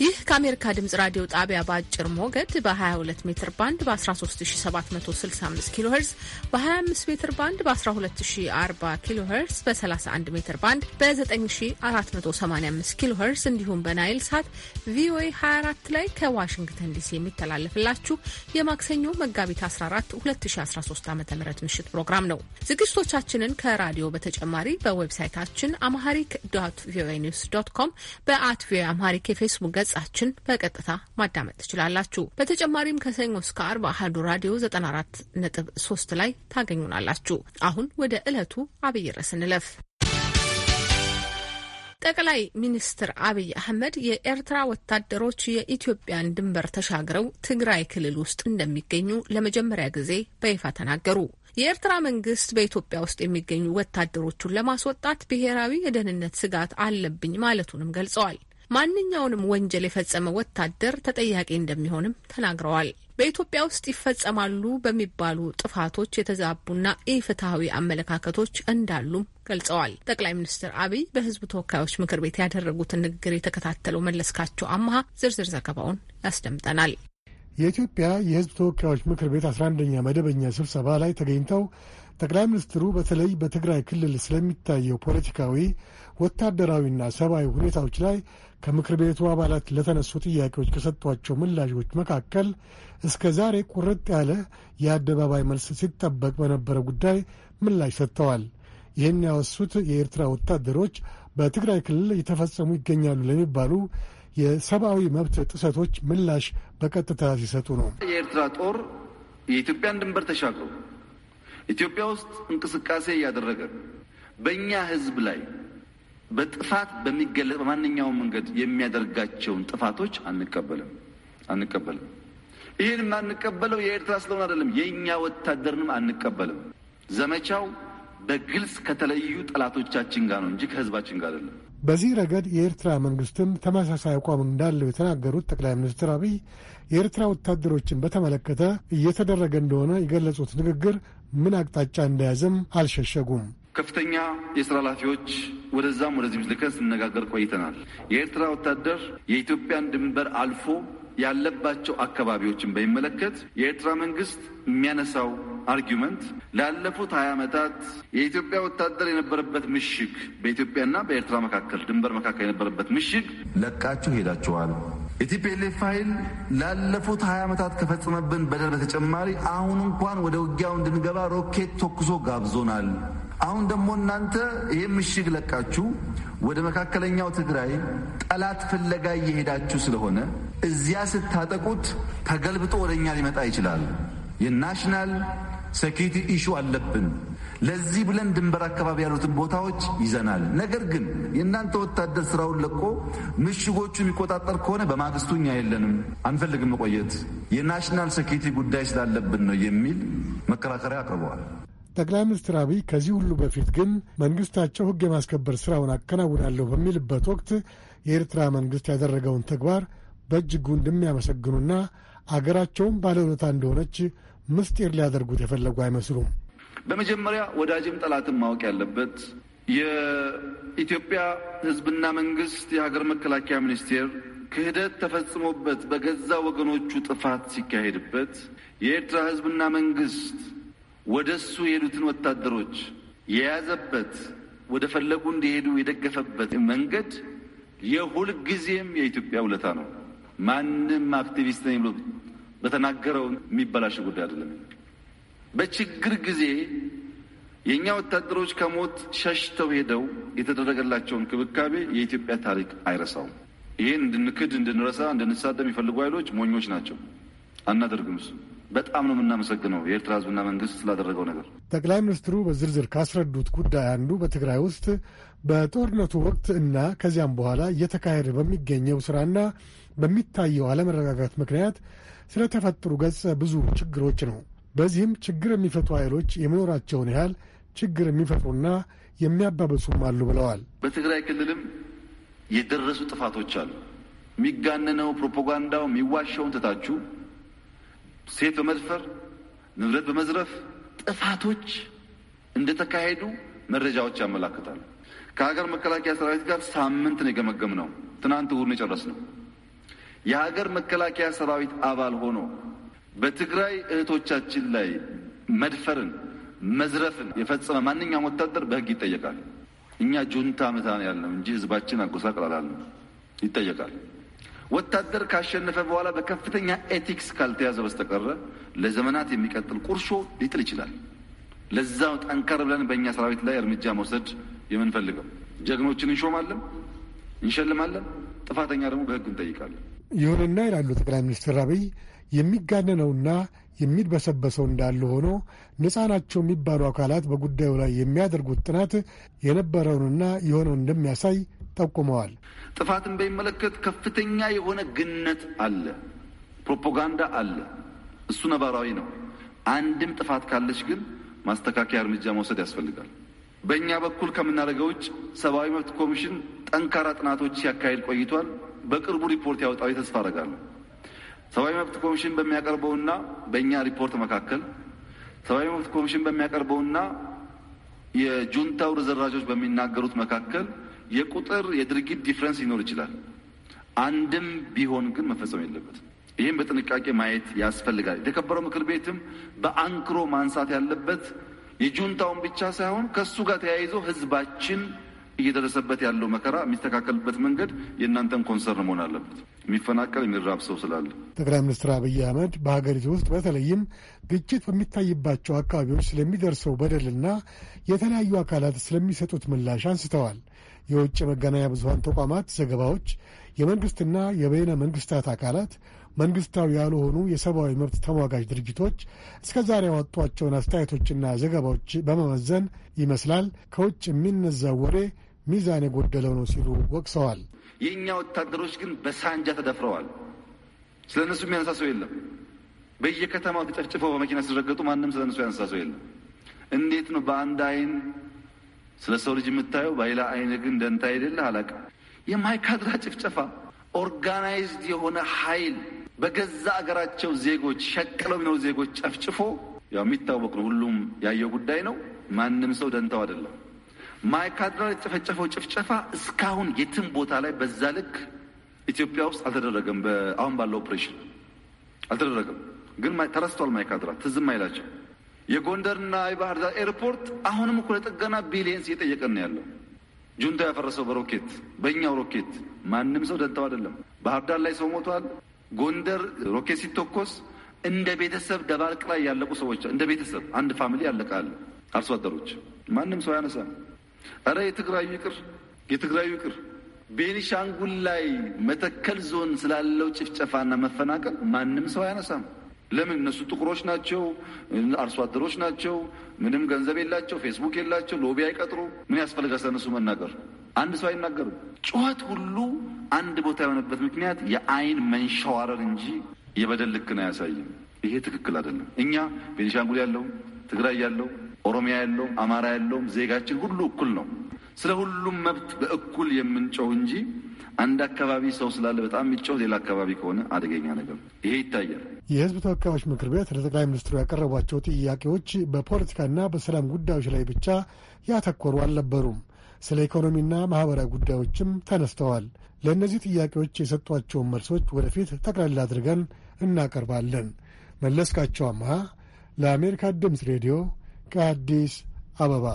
ይህ ከአሜሪካ ድምጽ ራዲዮ ጣቢያ በአጭር ሞገድ በ22 ሜትር ባንድ በ13765 ኪሎ ሄርዝ በ25 ሜትር ባንድ በ1240 ኪሎ ሄርዝ በ31 ሜትር ባንድ በ9485 ኪሎ ሄርዝ እንዲሁም በናይል ሳት ቪኦኤ 24 ላይ ከዋሽንግተን ዲሲ የሚተላለፍላችሁ የማክሰኞ መጋቢት 14 2013 ዓ ም ምሽት ፕሮግራም ነው። ዝግጅቶቻችንን ከራዲዮ በተጨማሪ በዌብሳይታችን አምሃሪክ ዶት ቪኦኤ ኒውስ ዶት ኮም በአት ቪኦኤ አማሪክ የፌስቡክ ገጽ ገጻችን በቀጥታ ማዳመጥ ትችላላችሁ። በተጨማሪም ከሰኞ እስከ አርብ አህዱ ራዲዮ 94.3 ላይ ታገኙናላችሁ። አሁን ወደ ዕለቱ አብይ ርዕስ እንለፍ። ጠቅላይ ሚኒስትር አብይ አህመድ የኤርትራ ወታደሮች የኢትዮጵያን ድንበር ተሻግረው ትግራይ ክልል ውስጥ እንደሚገኙ ለመጀመሪያ ጊዜ በይፋ ተናገሩ። የኤርትራ መንግስት በኢትዮጵያ ውስጥ የሚገኙ ወታደሮቹን ለማስወጣት ብሔራዊ የደህንነት ስጋት አለብኝ ማለቱንም ገልጸዋል። ማንኛውንም ወንጀል የፈጸመ ወታደር ተጠያቂ እንደሚሆንም ተናግረዋል። በኢትዮጵያ ውስጥ ይፈጸማሉ በሚባሉ ጥፋቶች የተዛቡና ኢፍትሐዊ አመለካከቶች እንዳሉም ገልጸዋል። ጠቅላይ ሚኒስትር አብይ በሕዝብ ተወካዮች ምክር ቤት ያደረጉትን ንግግር የተከታተለው መለስካቸው አምሃ ዝርዝር ዘገባውን ያስደምጠናል። የኢትዮጵያ የሕዝብ ተወካዮች ምክር ቤት አስራ አንደኛ መደበኛ ስብሰባ ላይ ተገኝተው ጠቅላይ ሚኒስትሩ በተለይ በትግራይ ክልል ስለሚታየው ፖለቲካዊ፣ ወታደራዊና ሰብአዊ ሁኔታዎች ላይ ከምክር ቤቱ አባላት ለተነሱ ጥያቄዎች ከሰጧቸው ምላሾች መካከል እስከ ዛሬ ቁርጥ ያለ የአደባባይ መልስ ሲጠበቅ በነበረ ጉዳይ ምላሽ ሰጥተዋል። ይህን ያወሱት የኤርትራ ወታደሮች በትግራይ ክልል እየተፈጸሙ ይገኛሉ ለሚባሉ የሰብአዊ መብት ጥሰቶች ምላሽ በቀጥታ ሲሰጡ ነው። የኤርትራ ጦር የኢትዮጵያን ድንበር ተሻግሮ ኢትዮጵያ ውስጥ እንቅስቃሴ እያደረገ በእኛ ሕዝብ ላይ በጥፋት በሚገለጽ በማንኛውም መንገድ የሚያደርጋቸውን ጥፋቶች አንቀበልም አንቀበልም። ይህን የማንቀበለው የኤርትራ ስለሆነ አይደለም፣ የእኛ ወታደርንም አንቀበልም። ዘመቻው በግልጽ ከተለዩ ጠላቶቻችን ጋር ነው እንጂ ከህዝባችን ጋር አይደለም። በዚህ ረገድ የኤርትራ መንግስትም ተመሳሳይ አቋም እንዳለው የተናገሩት ጠቅላይ ሚኒስትር አብይ የኤርትራ ወታደሮችን በተመለከተ እየተደረገ እንደሆነ የገለጹት ንግግር ምን አቅጣጫ እንደያዘም አልሸሸጉም። ከፍተኛ የስራ ኃላፊዎች ወደዛም ወደዚህም ልከን ስነጋገር ቆይተናል። የኤርትራ ወታደር የኢትዮጵያን ድንበር አልፎ ያለባቸው አካባቢዎችን በሚመለከት የኤርትራ መንግስት የሚያነሳው አርጊመንት ላለፉት ሀያ ዓመታት የኢትዮጵያ ወታደር የነበረበት ምሽግ በኢትዮጵያና በኤርትራ መካከል ድንበር መካከል የነበረበት ምሽግ ለቃችሁ ሄዳችኋል። የቲፒኤልኤፍ ኃይል ላለፉት ሀያ ዓመታት ከፈጸመብን በደል በተጨማሪ አሁን እንኳን ወደ ውጊያው እንድንገባ ሮኬት ተኩሶ ጋብዞናል። አሁን ደግሞ እናንተ ይህ ምሽግ ለቃችሁ ወደ መካከለኛው ትግራይ ጠላት ፍለጋ እየሄዳችሁ ስለሆነ እዚያ ስታጠቁት ተገልብጦ ወደ እኛ ሊመጣ ይችላል። የናሽናል ሴኪሪቲ ኢሹ አለብን። ለዚህ ብለን ድንበር አካባቢ ያሉትን ቦታዎች ይዘናል። ነገር ግን የእናንተ ወታደር ስራውን ለቆ ምሽጎቹ የሚቆጣጠር ከሆነ በማግስቱ እኛ የለንም፣ አንፈልግም መቆየት የናሽናል ሴኪሪቲ ጉዳይ ስላለብን ነው የሚል መከራከሪያ አቅርበዋል። ጠቅላይ ሚኒስትር አብይ ከዚህ ሁሉ በፊት ግን መንግስታቸው ህግ የማስከበር ስራውን አከናውናለሁ በሚልበት ወቅት የኤርትራ መንግስት ያደረገውን ተግባር በእጅጉ እንደሚያመሰግኑና አገራቸውም ባለውለታ እንደሆነች ምስጢር ሊያደርጉት የፈለጉ አይመስሉም። በመጀመሪያ ወዳጅም ጠላትም ማወቅ ያለበት የኢትዮጵያ ህዝብና መንግስት የሀገር መከላከያ ሚኒስቴር ክህደት ተፈጽሞበት በገዛ ወገኖቹ ጥፋት ሲካሄድበት የኤርትራ ህዝብና መንግስት ወደ እሱ የሄዱትን ወታደሮች የያዘበት ወደ ፈለጉ እንዲሄዱ የደገፈበት መንገድ የሁልጊዜም የኢትዮጵያ ውለታ ነው። ማንም አክቲቪስት ነኝ ብሎ በተናገረው የሚበላሽ ጉዳይ አይደለም። በችግር ጊዜ የእኛ ወታደሮች ከሞት ሸሽተው ሄደው የተደረገላቸውን ክብካቤ የኢትዮጵያ ታሪክ አይረሳውም። ይህን እንድንክድ፣ እንድንረሳ፣ እንድንሳደብ የሚፈልጉ ኃይሎች ሞኞች ናቸው። አናደርግም እሱ በጣም ነው የምናመሰግነው የኤርትራ ህዝብና መንግስት ስላደረገው ነገር። ጠቅላይ ሚኒስትሩ በዝርዝር ካስረዱት ጉዳይ አንዱ በትግራይ ውስጥ በጦርነቱ ወቅት እና ከዚያም በኋላ እየተካሄደ በሚገኘው ስራና በሚታየው አለመረጋጋት ምክንያት ስለተፈጠሩ ገጸ ብዙ ችግሮች ነው። በዚህም ችግር የሚፈቱ ኃይሎች የመኖራቸውን ያህል ችግር የሚፈጥሩና የሚያባበሱም አሉ ብለዋል። በትግራይ ክልልም የደረሱ ጥፋቶች አሉ። የሚጋነነው ፕሮፓጋንዳው የሚዋሸውን ትታችሁ ሴት በመድፈር ንብረት በመዝረፍ ጥፋቶች እንደተካሄዱ መረጃዎች ያመላክታሉ። ከሀገር መከላከያ ሰራዊት ጋር ሳምንት ነው የገመገም ነው። ትናንት እሑድ ነው የጨረስ ነው። የሀገር መከላከያ ሰራዊት አባል ሆኖ በትግራይ እህቶቻችን ላይ መድፈርን፣ መዝረፍን የፈጸመ ማንኛውም ወታደር በህግ ይጠየቃል። እኛ ጁንታ ምታ ያለው እንጂ ህዝባችን አጎሳቅላላል ይጠየቃል። ወታደር ካሸነፈ በኋላ በከፍተኛ ኤቲክስ ካልተያዘ በስተቀረ ለዘመናት የሚቀጥል ቁርሾ ሊጥል ይችላል። ለዛው ጠንከር ብለን በእኛ ሰራዊት ላይ እርምጃ መውሰድ የምንፈልገው ጀግኖችን እንሾማለን፣ እንሸልማለን። ጥፋተኛ ደግሞ በህግ እንጠይቃለን። ይሁንና ይላሉ ጠቅላይ ሚኒስትር አብይ የሚጋነነውና የሚድበሰበሰው እንዳለ ሆኖ ነፃ ናቸው የሚባሉ አካላት በጉዳዩ ላይ የሚያደርጉት ጥናት የነበረውንና የሆነውን እንደሚያሳይ ጠቁመዋል። ጥፋትን በሚመለከት ከፍተኛ የሆነ ግነት አለ፣ ፕሮፓጋንዳ አለ። እሱ ነባራዊ ነው። አንድም ጥፋት ካለች ግን ማስተካከያ እርምጃ መውሰድ ያስፈልጋል። በእኛ በኩል ከምናደርገው ውጭ ሰብአዊ መብት ኮሚሽን ጠንካራ ጥናቶች ሲያካሂድ ቆይቷል። በቅርቡ ሪፖርት ያወጣዊ ተስፋ አደርጋለሁ። ሰብአዊ መብት ኮሚሽን በሚያቀርበውና በእኛ ሪፖርት መካከል ሰብአዊ መብት ኮሚሽን በሚያቀርበውና የጁንታው ርዝራዦች በሚናገሩት መካከል የቁጥር የድርጊት ዲፍረንስ ሊኖር ይችላል። አንድም ቢሆን ግን መፈጸም የለበትም። ይህም በጥንቃቄ ማየት ያስፈልጋል። የተከበረው ምክር ቤትም በአንክሮ ማንሳት ያለበት የጁንታውን ብቻ ሳይሆን ከእሱ ጋር ተያይዞ ህዝባችን እየደረሰበት ያለው መከራ የሚስተካከልበት መንገድ የእናንተን ኮንሰርን መሆን አለበት። የሚፈናቀል የሚራብ ሰው ስላለ ጠቅላይ ሚኒስትር አብይ አህመድ በሀገሪቱ ውስጥ በተለይም ግጭት በሚታይባቸው አካባቢዎች ስለሚደርሰው በደልና የተለያዩ አካላት ስለሚሰጡት ምላሽ አንስተዋል። የውጭ መገናኛ ብዙሀን ተቋማት ዘገባዎች፣ የመንግስትና የበይነ መንግስታት አካላት፣ መንግስታዊ ያልሆኑ የሰብአዊ መብት ተሟጋጅ ድርጅቶች እስከ ዛሬ ያወጧቸውን አስተያየቶችና ዘገባዎች በመመዘን ይመስላል ከውጭ የሚነዛው ወሬ ሚዛን የጎደለው ነው ሲሉ ወቅሰዋል። የእኛ ወታደሮች ግን በሳንጃ ተደፍረዋል። ስለ እነሱ የሚያነሳ ሰው የለም። በየከተማው ተጨፍጭፈው በመኪና ሲረገጡ ማንም ስለ እነሱ ያነሳ ሰው የለም። እንዴት ነው በአንድ አይን ስለ ሰው ልጅ የምታየው በሌላ አይነ ግን ደንታ አይደለህ አላውቅም። የማይካድራ ጭፍጨፋ ኦርጋናይዝድ የሆነ ኃይል በገዛ አገራቸው ዜጎች ሸቅለው የሚኖሩ ዜጎች ጨፍጭፎ ያው የሚታወቅ ነው። ሁሉም ያየው ጉዳይ ነው። ማንም ሰው ደንታው አይደለም። ማይካድራ የተጨፈጨፈው ጭፍጨፋ እስካሁን የትም ቦታ ላይ በዛ ልክ ኢትዮጵያ ውስጥ አልተደረገም። አሁን ባለው ኦፕሬሽን አልተደረገም፣ ግን ተረስቷል። ማይካድራ ትዝም አይላቸው የጎንደርና የባህር ዳር ኤርፖርት አሁንም እኮ ለጥገና ቢሊየንስ እየጠየቀን ነው ያለው። ጁንታ ያፈረሰው በሮኬት በእኛው ሮኬት ማንም ሰው ደንተው አይደለም። ባህር ዳር ላይ ሰው ሞቷል። ጎንደር ሮኬት ሲተኮስ እንደ ቤተሰብ ደባርቅ ላይ ያለቁ ሰዎች እንደ ቤተሰብ አንድ ፋሚሊ ያለቃል። አርሶ አደሮች ማንም ሰው ያነሳ። እረ የትግራዩ ይቅር፣ የትግራዩ ይቅር። ቤኒሻንጉል ላይ መተከል ዞን ስላለው ጭፍጨፋና መፈናቀል ማንም ሰው አያነሳም። ለምን እነሱ ጥቁሮች ናቸው፣ አርሶ አደሮች ናቸው፣ ምንም ገንዘብ የላቸው፣ ፌስቡክ የላቸው፣ ሎቢ አይቀጥሩ። ምን ያስፈልጋል ስለነሱ መናገር? አንድ ሰው አይናገርም። ጩኸት ሁሉ አንድ ቦታ የሆነበት ምክንያት የአይን መንሸዋረር እንጂ የበደል ልክን አያሳይም። ይሄ ትክክል አይደለም። እኛ ቤኒሻንጉል ያለው ትግራይ ያለው ኦሮሚያ ያለው አማራ ያለውም ዜጋችን ሁሉ እኩል ነው። ስለ ሁሉም መብት በእኩል የምንጮው እንጂ አንድ አካባቢ ሰው ስላለ በጣም የሚጮህ ሌላ አካባቢ ከሆነ አደገኛ ነገር ይሄ ይታያል። የህዝብ ተወካዮች ምክር ቤት ለጠቅላይ ሚኒስትሩ ያቀረቧቸው ጥያቄዎች በፖለቲካና በሰላም ጉዳዮች ላይ ብቻ ያተኮሩ አልነበሩም። ስለ ኢኮኖሚና ማህበራዊ ጉዳዮችም ተነስተዋል። ለእነዚህ ጥያቄዎች የሰጧቸውን መልሶች ወደፊት ጠቅላላ አድርገን እናቀርባለን። መለስካቸው አምሃ ለአሜሪካ ድምፅ ሬዲዮ ከአዲስ አበባ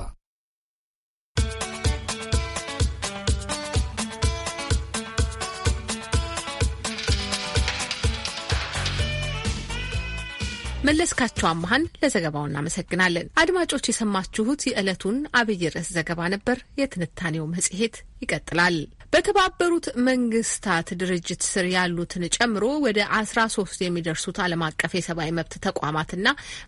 መለስካቸው አመሀን ለዘገባው እናመሰግናለን። አድማጮች የሰማችሁት የዕለቱን አብይ ርዕስ ዘገባ ነበር። የትንታኔው መጽሔት ይቀጥላል። በተባበሩት መንግስታት ድርጅት ስር ያሉትን ጨምሮ ወደ አስራ ሶስት የሚደርሱት ዓለም አቀፍ የሰብአዊ መብት ተቋማትና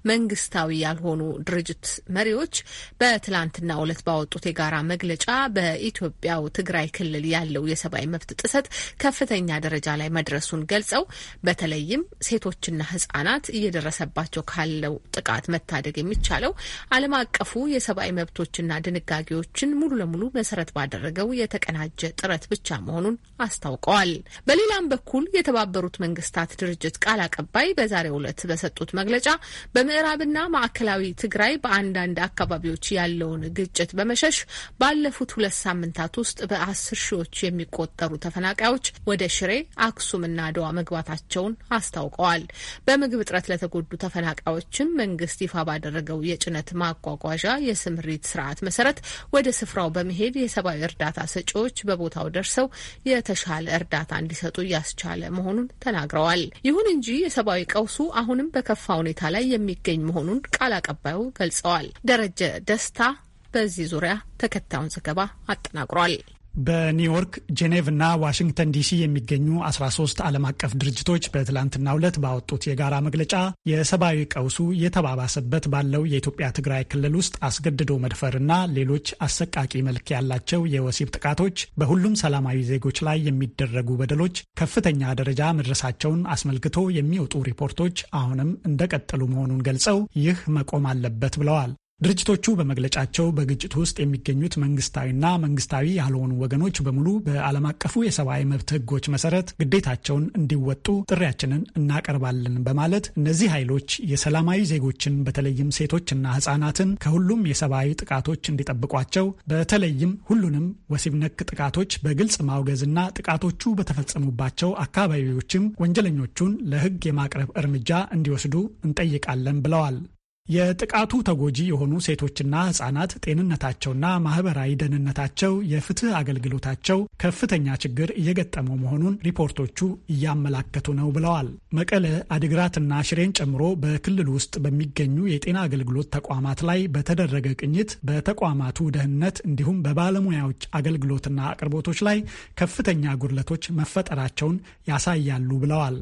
መንግስታዊ ያልሆኑ ድርጅት መሪዎች በትላንትናው ዕለት ባወጡት የጋራ መግለጫ በኢትዮጵያው ትግራይ ክልል ያለው የሰብአዊ መብት ጥሰት ከፍተኛ ደረጃ ላይ መድረሱን ገልጸው በተለይም ሴቶችና ህጻናት እየደረሰባቸው ካለው ጥቃት መታደግ የሚቻለው ዓለም አቀፉ የሰብአዊ መብቶችና ድንጋጌዎችን ሙሉ ለሙሉ መሰረት ባደረገው የተቀናጀ ጥረት ጥረት ብቻ መሆኑን አስታውቀዋል። በሌላም በኩል የተባበሩት መንግስታት ድርጅት ቃል አቀባይ በዛሬው ዕለት በሰጡት መግለጫ በምዕራብና ማዕከላዊ ትግራይ በአንዳንድ አካባቢዎች ያለውን ግጭት በመሸሽ ባለፉት ሁለት ሳምንታት ውስጥ በአስር ሺዎች የሚቆጠሩ ተፈናቃዮች ወደ ሽሬ፣ አክሱምና አድዋ መግባታቸውን አስታውቀዋል። በምግብ እጥረት ለተጎዱ ተፈናቃዮችም መንግስት ይፋ ባደረገው የጭነት ማጓጓዣ የስምሪት ስርዓት መሰረት ወደ ስፍራው በመሄድ የሰብአዊ እርዳታ ሰጪዎች በቦታ ቦታው ደርሰው የተሻለ እርዳታ እንዲሰጡ እያስቻለ መሆኑን ተናግረዋል። ይሁን እንጂ የሰብአዊ ቀውሱ አሁንም በከፋ ሁኔታ ላይ የሚገኝ መሆኑን ቃል አቀባዩ ገልጸዋል። ደረጀ ደስታ በዚህ ዙሪያ ተከታዩን ዘገባ አጠናቅሯል። በኒውዮርክ ጄኔቭ ና ዋሽንግተን ዲሲ የሚገኙ 13 ዓለም አቀፍ ድርጅቶች በትላንትናው ዕለት ባወጡት የጋራ መግለጫ የሰብአዊ ቀውሱ የተባባሰበት ባለው የኢትዮጵያ ትግራይ ክልል ውስጥ አስገድዶ መድፈርና ሌሎች አሰቃቂ መልክ ያላቸው የወሲብ ጥቃቶች በሁሉም ሰላማዊ ዜጎች ላይ የሚደረጉ በደሎች ከፍተኛ ደረጃ መድረሳቸውን አስመልክቶ የሚወጡ ሪፖርቶች አሁንም እንደቀጠሉ መሆኑን ገልጸው ይህ መቆም አለበት ብለዋል። ድርጅቶቹ በመግለጫቸው በግጭቱ ውስጥ የሚገኙት መንግስታዊና መንግስታዊ ያልሆኑ ወገኖች በሙሉ በዓለም አቀፉ የሰብአዊ መብት ህጎች መሰረት ግዴታቸውን እንዲወጡ ጥሪያችንን እናቀርባለን በማለት እነዚህ ኃይሎች የሰላማዊ ዜጎችን በተለይም ሴቶችና ህጻናትን ከሁሉም የሰብአዊ ጥቃቶች እንዲጠብቋቸው በተለይም ሁሉንም ወሲብ ነክ ጥቃቶች በግልጽ ማውገዝና ጥቃቶቹ በተፈጸሙባቸው አካባቢዎችም ወንጀለኞቹን ለህግ የማቅረብ እርምጃ እንዲወስዱ እንጠይቃለን ብለዋል። የጥቃቱ ተጎጂ የሆኑ ሴቶችና ህጻናት ጤንነታቸውና ማህበራዊ ደህንነታቸው፣ የፍትህ አገልግሎታቸው ከፍተኛ ችግር እየገጠመው መሆኑን ሪፖርቶቹ እያመላከቱ ነው ብለዋል። መቀለ፣ አድግራትና ሽሬን ጨምሮ በክልል ውስጥ በሚገኙ የጤና አገልግሎት ተቋማት ላይ በተደረገ ቅኝት በተቋማቱ ደህንነት እንዲሁም በባለሙያዎች አገልግሎትና አቅርቦቶች ላይ ከፍተኛ ጉድለቶች መፈጠራቸውን ያሳያሉ ብለዋል።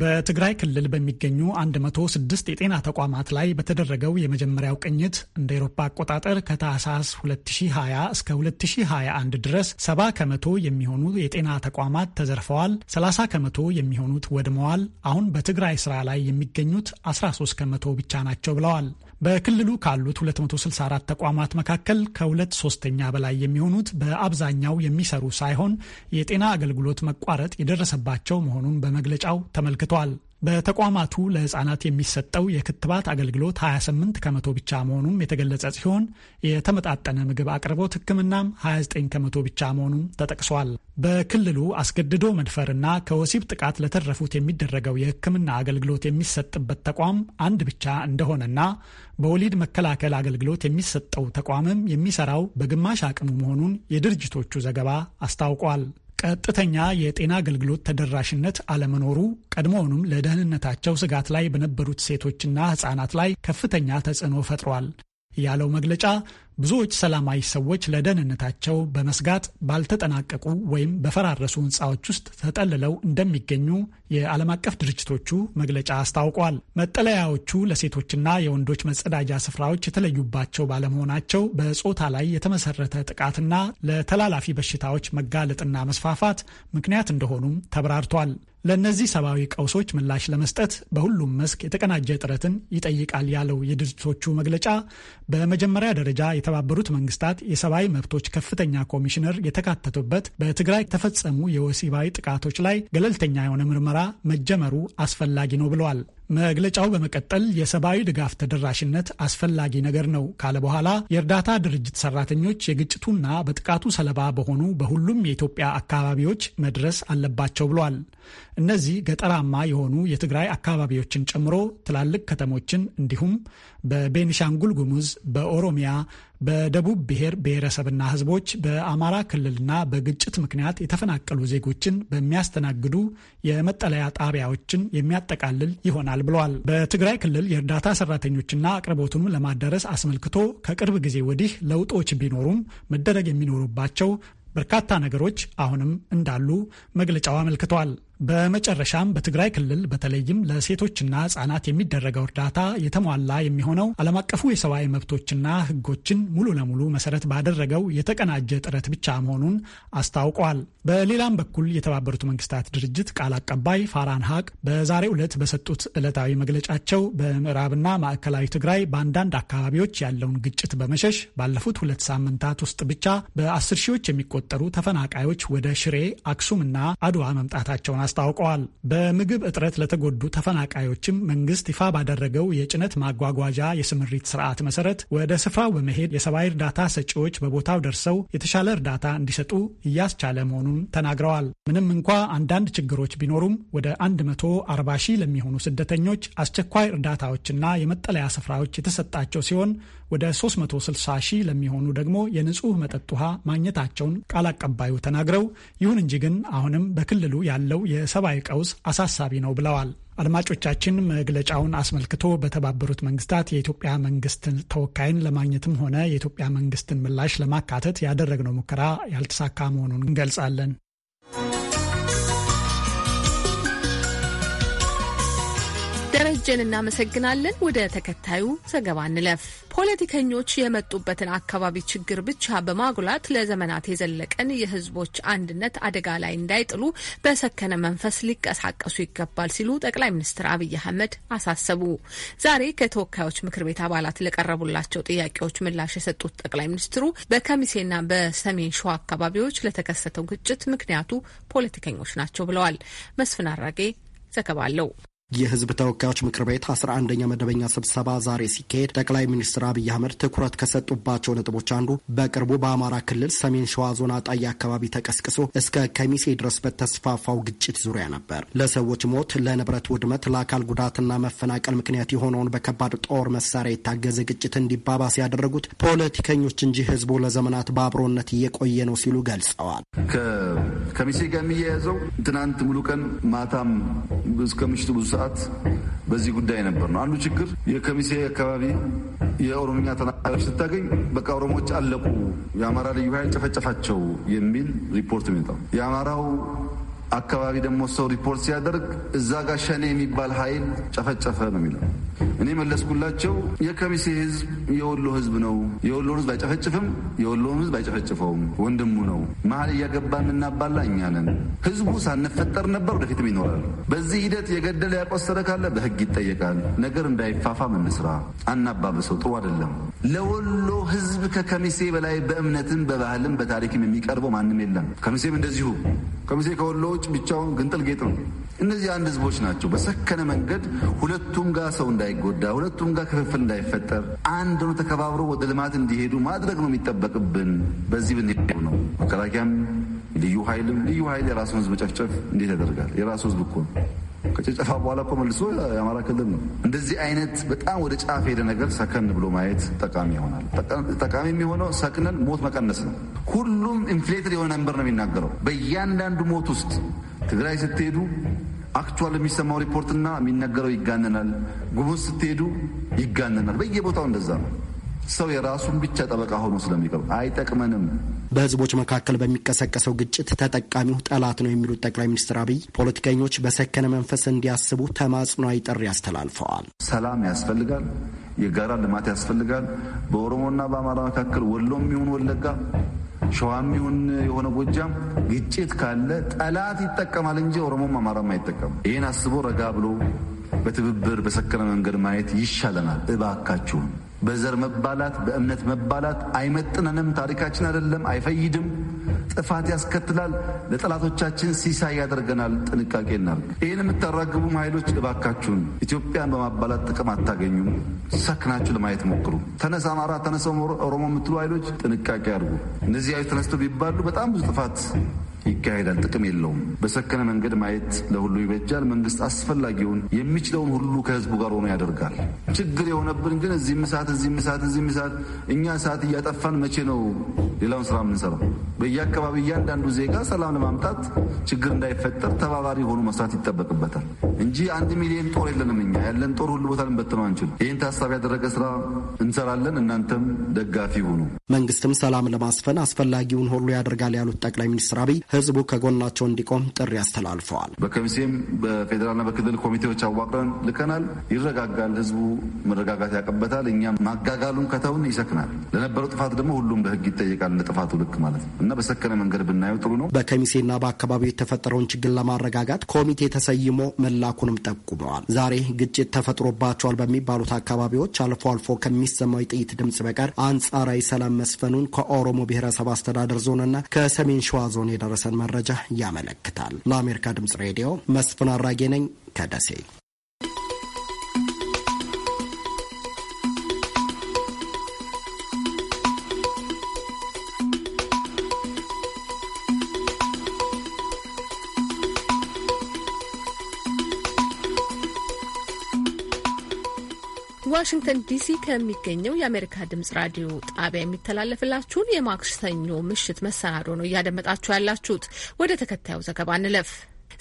በትግራይ ክልል በሚገኙ 106 የጤና ተቋማት ላይ በተደረገው የመጀመሪያው ቅኝት እንደ ኤሮፓ አቆጣጠር ከታህሳስ 2020 እስከ 2021 ድረስ 70 ከመቶ የሚሆኑ የጤና ተቋማት ተዘርፈዋል፣ 30 ከመቶ የሚሆኑት ወድመዋል። አሁን በትግራይ ስራ ላይ የሚገኙት 13 ከመቶ ብቻ ናቸው ብለዋል። በክልሉ ካሉት 264 ተቋማት መካከል ከሁለት ሶስተኛ በላይ የሚሆኑት በአብዛኛው የሚሰሩ ሳይሆን የጤና አገልግሎት መቋረጥ የደረሰባቸው መሆኑን በመግለጫው ተመልክቷል። በተቋማቱ ለህጻናት የሚሰጠው የክትባት አገልግሎት 28 ከመቶ ብቻ መሆኑም የተገለጸ ሲሆን የተመጣጠነ ምግብ አቅርቦት ህክምናም 29 ከመቶ ብቻ መሆኑም ተጠቅሷል። በክልሉ አስገድዶ መድፈርና ከወሲብ ጥቃት ለተረፉት የሚደረገው የህክምና አገልግሎት የሚሰጥበት ተቋም አንድ ብቻ እንደሆነና በወሊድ መከላከል አገልግሎት የሚሰጠው ተቋምም የሚሰራው በግማሽ አቅሙ መሆኑን የድርጅቶቹ ዘገባ አስታውቋል። ቀጥተኛ የጤና አገልግሎት ተደራሽነት አለመኖሩ ቀድሞውኑም ለደህንነታቸው ስጋት ላይ በነበሩት ሴቶችና ህጻናት ላይ ከፍተኛ ተጽዕኖ ፈጥሯል። ያለው መግለጫ ብዙዎች ሰላማዊ ሰዎች ለደህንነታቸው በመስጋት ባልተጠናቀቁ ወይም በፈራረሱ ህንፃዎች ውስጥ ተጠልለው እንደሚገኙ የዓለም አቀፍ ድርጅቶቹ መግለጫ አስታውቋል። መጠለያዎቹ ለሴቶችና የወንዶች መጸዳጃ ስፍራዎች የተለዩባቸው ባለመሆናቸው በጾታ ላይ የተመሰረተ ጥቃትና ለተላላፊ በሽታዎች መጋለጥና መስፋፋት ምክንያት እንደሆኑም ተብራርቷል። ለእነዚህ ሰብአዊ ቀውሶች ምላሽ ለመስጠት በሁሉም መስክ የተቀናጀ ጥረትን ይጠይቃል ያለው የድርጅቶቹ መግለጫ በመጀመሪያ ደረጃ የተባበሩት መንግስታት የሰብአዊ መብቶች ከፍተኛ ኮሚሽነር የተካተቱበት በትግራይ ተፈጸሙ የወሲባዊ ጥቃቶች ላይ ገለልተኛ የሆነ ምርመራ መጀመሩ አስፈላጊ ነው ብለዋል። መግለጫው በመቀጠል የሰብአዊ ድጋፍ ተደራሽነት አስፈላጊ ነገር ነው ካለ በኋላ የእርዳታ ድርጅት ሰራተኞች የግጭቱና በጥቃቱ ሰለባ በሆኑ በሁሉም የኢትዮጵያ አካባቢዎች መድረስ አለባቸው ብሏል። እነዚህ ገጠራማ የሆኑ የትግራይ አካባቢዎችን ጨምሮ ትላልቅ ከተሞችን እንዲሁም በቤኒሻንጉል ጉሙዝ፣ በኦሮሚያ፣ በደቡብ ብሔር ብሔረሰብና ህዝቦች በአማራ ክልልና በግጭት ምክንያት የተፈናቀሉ ዜጎችን በሚያስተናግዱ የመጠለያ ጣቢያዎችን የሚያጠቃልል ይሆናል ብለዋል። በትግራይ ክልል የእርዳታ ሰራተኞችና አቅርቦቱን ለማዳረስ አስመልክቶ ከቅርብ ጊዜ ወዲህ ለውጦች ቢኖሩም መደረግ የሚኖሩባቸው በርካታ ነገሮች አሁንም እንዳሉ መግለጫው አመልክቷል። በመጨረሻም በትግራይ ክልል በተለይም ለሴቶችና ህጻናት የሚደረገው እርዳታ የተሟላ የሚሆነው ዓለም አቀፉ የሰብአዊ መብቶችና ህጎችን ሙሉ ለሙሉ መሰረት ባደረገው የተቀናጀ ጥረት ብቻ መሆኑን አስታውቋል። በሌላም በኩል የተባበሩት መንግስታት ድርጅት ቃል አቀባይ ፋራን ሀቅ በዛሬው ዕለት በሰጡት ዕለታዊ መግለጫቸው በምዕራብና ማዕከላዊ ትግራይ በአንዳንድ አካባቢዎች ያለውን ግጭት በመሸሽ ባለፉት ሁለት ሳምንታት ውስጥ ብቻ በአስር ሺዎች የሚቆጠሩ ተፈናቃዮች ወደ ሽሬ፣ አክሱም ና አድዋ መምጣታቸውን አስታውቀዋል። በምግብ እጥረት ለተጎዱ ተፈናቃዮችም መንግስት ይፋ ባደረገው የጭነት ማጓጓዣ የስምሪት ስርዓት መሰረት ወደ ስፍራው በመሄድ የሰብአዊ እርዳታ ሰጪዎች በቦታው ደርሰው የተሻለ እርዳታ እንዲሰጡ እያስቻለ መሆኑን ተናግረዋል። ምንም እንኳ አንዳንድ ችግሮች ቢኖሩም ወደ 140 ሺህ ለሚሆኑ ስደተኞች አስቸኳይ እርዳታዎችና የመጠለያ ስፍራዎች የተሰጣቸው ሲሆን ወደ 360 ሺህ ለሚሆኑ ደግሞ የንጹህ መጠጥ ውሃ ማግኘታቸውን ቃል አቀባዩ ተናግረው፣ ይሁን እንጂ ግን አሁንም በክልሉ ያለው የ የሰብአዊ ቀውስ አሳሳቢ ነው ብለዋል። አድማጮቻችን መግለጫውን አስመልክቶ በተባበሩት መንግስታት የኢትዮጵያ መንግስትን ተወካይን ለማግኘትም ሆነ የኢትዮጵያ መንግስትን ምላሽ ለማካተት ያደረግነው ሙከራ ያልተሳካ መሆኑን እንገልጻለን። ደረጀን እናመሰግናለን። ወደ ተከታዩ ዘገባ እንለፍ። ፖለቲከኞች የመጡበትን አካባቢ ችግር ብቻ በማጉላት ለዘመናት የዘለቀን የሕዝቦች አንድነት አደጋ ላይ እንዳይጥሉ በሰከነ መንፈስ ሊንቀሳቀሱ ይገባል ሲሉ ጠቅላይ ሚኒስትር አብይ አህመድ አሳሰቡ። ዛሬ ከተወካዮች ምክር ቤት አባላት ለቀረቡላቸው ጥያቄዎች ምላሽ የሰጡት ጠቅላይ ሚኒስትሩ በከሚሴና በሰሜን ሸዋ አካባቢዎች ለተከሰተው ግጭት ምክንያቱ ፖለቲከኞች ናቸው ብለዋል። መስፍን አራጌ ዘገባ አለው። የህዝብ ተወካዮች ምክር ቤት አስራ አንደኛ መደበኛ ስብሰባ ዛሬ ሲካሄድ ጠቅላይ ሚኒስትር አብይ አህመድ ትኩረት ከሰጡባቸው ነጥቦች አንዱ በቅርቡ በአማራ ክልል ሰሜን ሸዋ ዞን አጣይ አካባቢ ተቀስቅሶ እስከ ከሚሴ ድረስ በተስፋፋው ግጭት ዙሪያ ነበር። ለሰዎች ሞት፣ ለንብረት ውድመት፣ ለአካል ጉዳትና መፈናቀል ምክንያት የሆነውን በከባድ ጦር መሳሪያ የታገዘ ግጭት እንዲባባስ ያደረጉት ፖለቲከኞች እንጂ ህዝቡ ለዘመናት በአብሮነት እየቆየ ነው ሲሉ ገልጸዋል። ከሚሴ ጋር የሚያያዘው ትናንት ሙሉ ቀን ማታም እስከ ምሽቱ ብዙ ሰዓት በዚህ ጉዳይ ነበር ነው አንዱ ችግር። የከሚሴ አካባቢ የኦሮምኛ ተናጋሪዎች ስታገኝ በቃ ኦሮሞዎች አለቁ፣ የአማራ ልዩ ኃይል ጨፈጨፋቸው የሚል ሪፖርት የሚመጣው የአማራው አካባቢ ደግሞ ሰው ሪፖርት ሲያደርግ እዛ ጋር ሸኔ የሚባል ኃይል ጨፈጨፈ ነው የሚለው እኔ መለስኩላቸው የከሚሴ ህዝብ የወሎ ህዝብ ነው። የወሎ ህዝብ አይጨፈጭፍም፣ የወሎ ህዝብ አይጨፈጭፈውም፣ ወንድሙ ነው። መሀል እያገባ የምናባላ እኛ ነን። ህዝቡ ሳንፈጠር ነበር፣ ወደፊትም ይኖራል። በዚህ ሂደት የገደለ ያቆሰረ ካለ በህግ ይጠየቃል። ነገር እንዳይፋፋም እንስራ። አናባብሰው፣ ጥሩ አይደለም። ለወሎ ህዝብ ከከሚሴ በላይ በእምነትም በባህልም በታሪክም የሚቀርበው ማንም የለም። ከሚሴም እንደዚሁ። ከሚሴ ከወሎ ውጭ ብቻውን ግንጥል ጌጥ ነው። እነዚህ አንድ ህዝቦች ናቸው። በሰከነ መንገድ ሁለቱም ጋር ሰው እንዳይጎዳ፣ ሁለቱም ጋር ክፍፍል እንዳይፈጠር፣ አንድ ነው ተከባብሮ ወደ ልማት እንዲሄዱ ማድረግ ነው የሚጠበቅብን። በዚህ ብንሄዱ ነው መከላከያም ልዩ ኃይልም ልዩ ኃይል የራሱን ህዝብ መጨፍጨፍ እንዴት ያደርጋል? የራሱ ህዝብ እኮ ነው። ከጨጨፋ በኋላ እኮ መልሶ የአማራ ክልል ነው። እንደዚህ አይነት በጣም ወደ ጫፍ ሄደ ነገር ሰከን ብሎ ማየት ጠቃሚ ይሆናል። ጠቃሚ የሚሆነው ሰክነን ሞት መቀነስ ነው። ሁሉም ኢንፍሌትድ የሆነ ነንበር ነው የሚናገረው። በእያንዳንዱ ሞት ውስጥ ትግራይ ስትሄዱ አክቹዋል የሚሰማው ሪፖርትና የሚነገረው ይጋነናል። ጉሙዝ ስትሄዱ ይጋነናል። በየቦታው እንደዛ ነው። ሰው የራሱን ብቻ ጠበቃ ሆኖ ስለሚቀርብ አይጠቅመንም። በህዝቦች መካከል በሚቀሰቀሰው ግጭት ተጠቃሚው ጠላት ነው የሚሉት ጠቅላይ ሚኒስትር አብይ ፖለቲከኞች በሰከነ መንፈስ እንዲያስቡ ተማጽኗዊ ጥሪ አስተላልፈዋል። ሰላም ያስፈልጋል። የጋራ ልማት ያስፈልጋል። በኦሮሞና በአማራ መካከል ወሎም ይሁን ወለጋ ሸዋም ይሁን የሆነ ጎጃም ግጭት ካለ ጠላት ይጠቀማል እንጂ ኦሮሞም አማራም አይጠቀም። ይህን አስቦ ረጋ ብሎ በትብብር በሰከነ መንገድ ማየት ይሻለናል። እባካችሁን በዘር መባላት፣ በእምነት መባላት አይመጥነንም። ታሪካችን አይደለም፣ አይፈይድም፣ ጥፋት ያስከትላል፣ ለጠላቶቻችን ሲሳይ ያደርገናል። ጥንቃቄ እናርግ። ይህን የምታራግቡም ኃይሎች እባካችሁን ኢትዮጵያን በማባላት ጥቅም አታገኙም። ሰክናችሁ ለማየት ሞክሩ። ተነሳ አማራ፣ ተነሳ ኦሮሞ የምትሉ ኃይሎች ጥንቃቄ አድርጉ። እነዚህ ኃይሎች ቢባሉ በጣም ብዙ ጥፋት ይካሄዳል። ጥቅም የለውም። በሰከነ መንገድ ማየት ለሁሉ ይበጃል። መንግስት አስፈላጊውን የሚችለውን ሁሉ ከህዝቡ ጋር ሆኖ ያደርጋል። ችግር የሆነብን ግን እዚህም ሰዓት እዚህም ሰዓት እዚህም ሰዓት እኛ ሰዓት እያጠፋን መቼ ነው ሌላውን ስራ የምንሰራው? በየአካባቢ እያንዳንዱ ዜጋ ሰላም ለማምጣት ችግር እንዳይፈጠር ተባባሪ ሆኖ መስራት ይጠበቅበታል እንጂ አንድ ሚሊዮን ጦር የለንም። እኛ ያለን ጦር ሁሉ ቦታ ልንበትነው አንችልም። ይህን ታሳቢ ያደረገ ስራ እንሰራለን። እናንተም ደጋፊ ሁኑ። መንግስትም ሰላም ለማስፈን አስፈላጊውን ሁሉ ያደርጋል ያሉት ጠቅላይ ሚኒስትር አብይ ህዝቡ ከጎናቸው እንዲቆም ጥሪ አስተላልፈዋል። በከሚሴም በፌዴራልና በክልል ኮሚቴዎች አዋቅረን ልከናል። ይረጋጋል፣ ህዝቡ መረጋጋት ያቀበታል። እኛም ማጋጋሉን ከተውን ይሰክናል። ለነበረው ጥፋት ደግሞ ሁሉም በህግ ይጠየቃል። ለጥፋቱ ልክ ማለት ነው እና በሰከነ መንገድ ብናየው ጥሩ ነው። በከሚሴና በአካባቢው የተፈጠረውን ችግር ለማረጋጋት ኮሚቴ ተሰይሞ መላኩንም ጠቁመዋል። ዛሬ ግጭት ተፈጥሮባቸዋል በሚባሉት አካባቢዎች አልፎ አልፎ ከሚ ከሚሰማው የጥይት ድምጽ በቀር አንጻራዊ ሰላም መስፈኑን ከኦሮሞ ብሔረሰብ አስተዳደር ዞንና ከሰሜን ሸዋ ዞን የደረሰን መረጃ ያመለክታል። ለአሜሪካ ድምጽ ሬዲዮ መስፍን አራጌ ነኝ ከደሴ ዋሽንግተን ዲሲ ከሚገኘው የአሜሪካ ድምጽ ራዲዮ ጣቢያ የሚተላለፍላችሁን የማክሰኞ ምሽት መሰናዶ ነው እያደመጣችሁ ያላችሁት። ወደ ተከታዩ ዘገባ እንለፍ።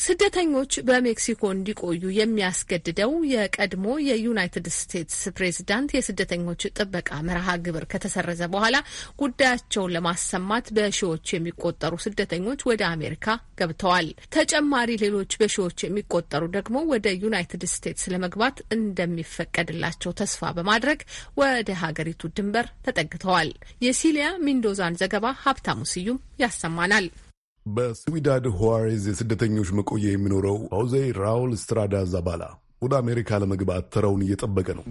ስደተኞች በሜክሲኮ እንዲቆዩ የሚያስገድደው የቀድሞ የዩናይትድ ስቴትስ ፕሬዝዳንት የስደተኞች ጥበቃ መርሃ ግብር ከተሰረዘ በኋላ ጉዳያቸውን ለማሰማት በሺዎች የሚቆጠሩ ስደተኞች ወደ አሜሪካ ገብተዋል። ተጨማሪ ሌሎች በሺዎች የሚቆጠሩ ደግሞ ወደ ዩናይትድ ስቴትስ ለመግባት እንደሚፈቀድላቸው ተስፋ በማድረግ ወደ ሀገሪቱ ድንበር ተጠግተዋል። የሲሊያ ሚንዶዛን ዘገባ ሀብታሙ ስዩም ያሰማናል። በስዊዳድ ሁዋሬዝ የስደተኞች መቆየ የሚኖረው ሆዜ ራውል ስትራዳ ዛባላ ወደ አሜሪካ ለመግባት ተራውን እየጠበቀ ነው።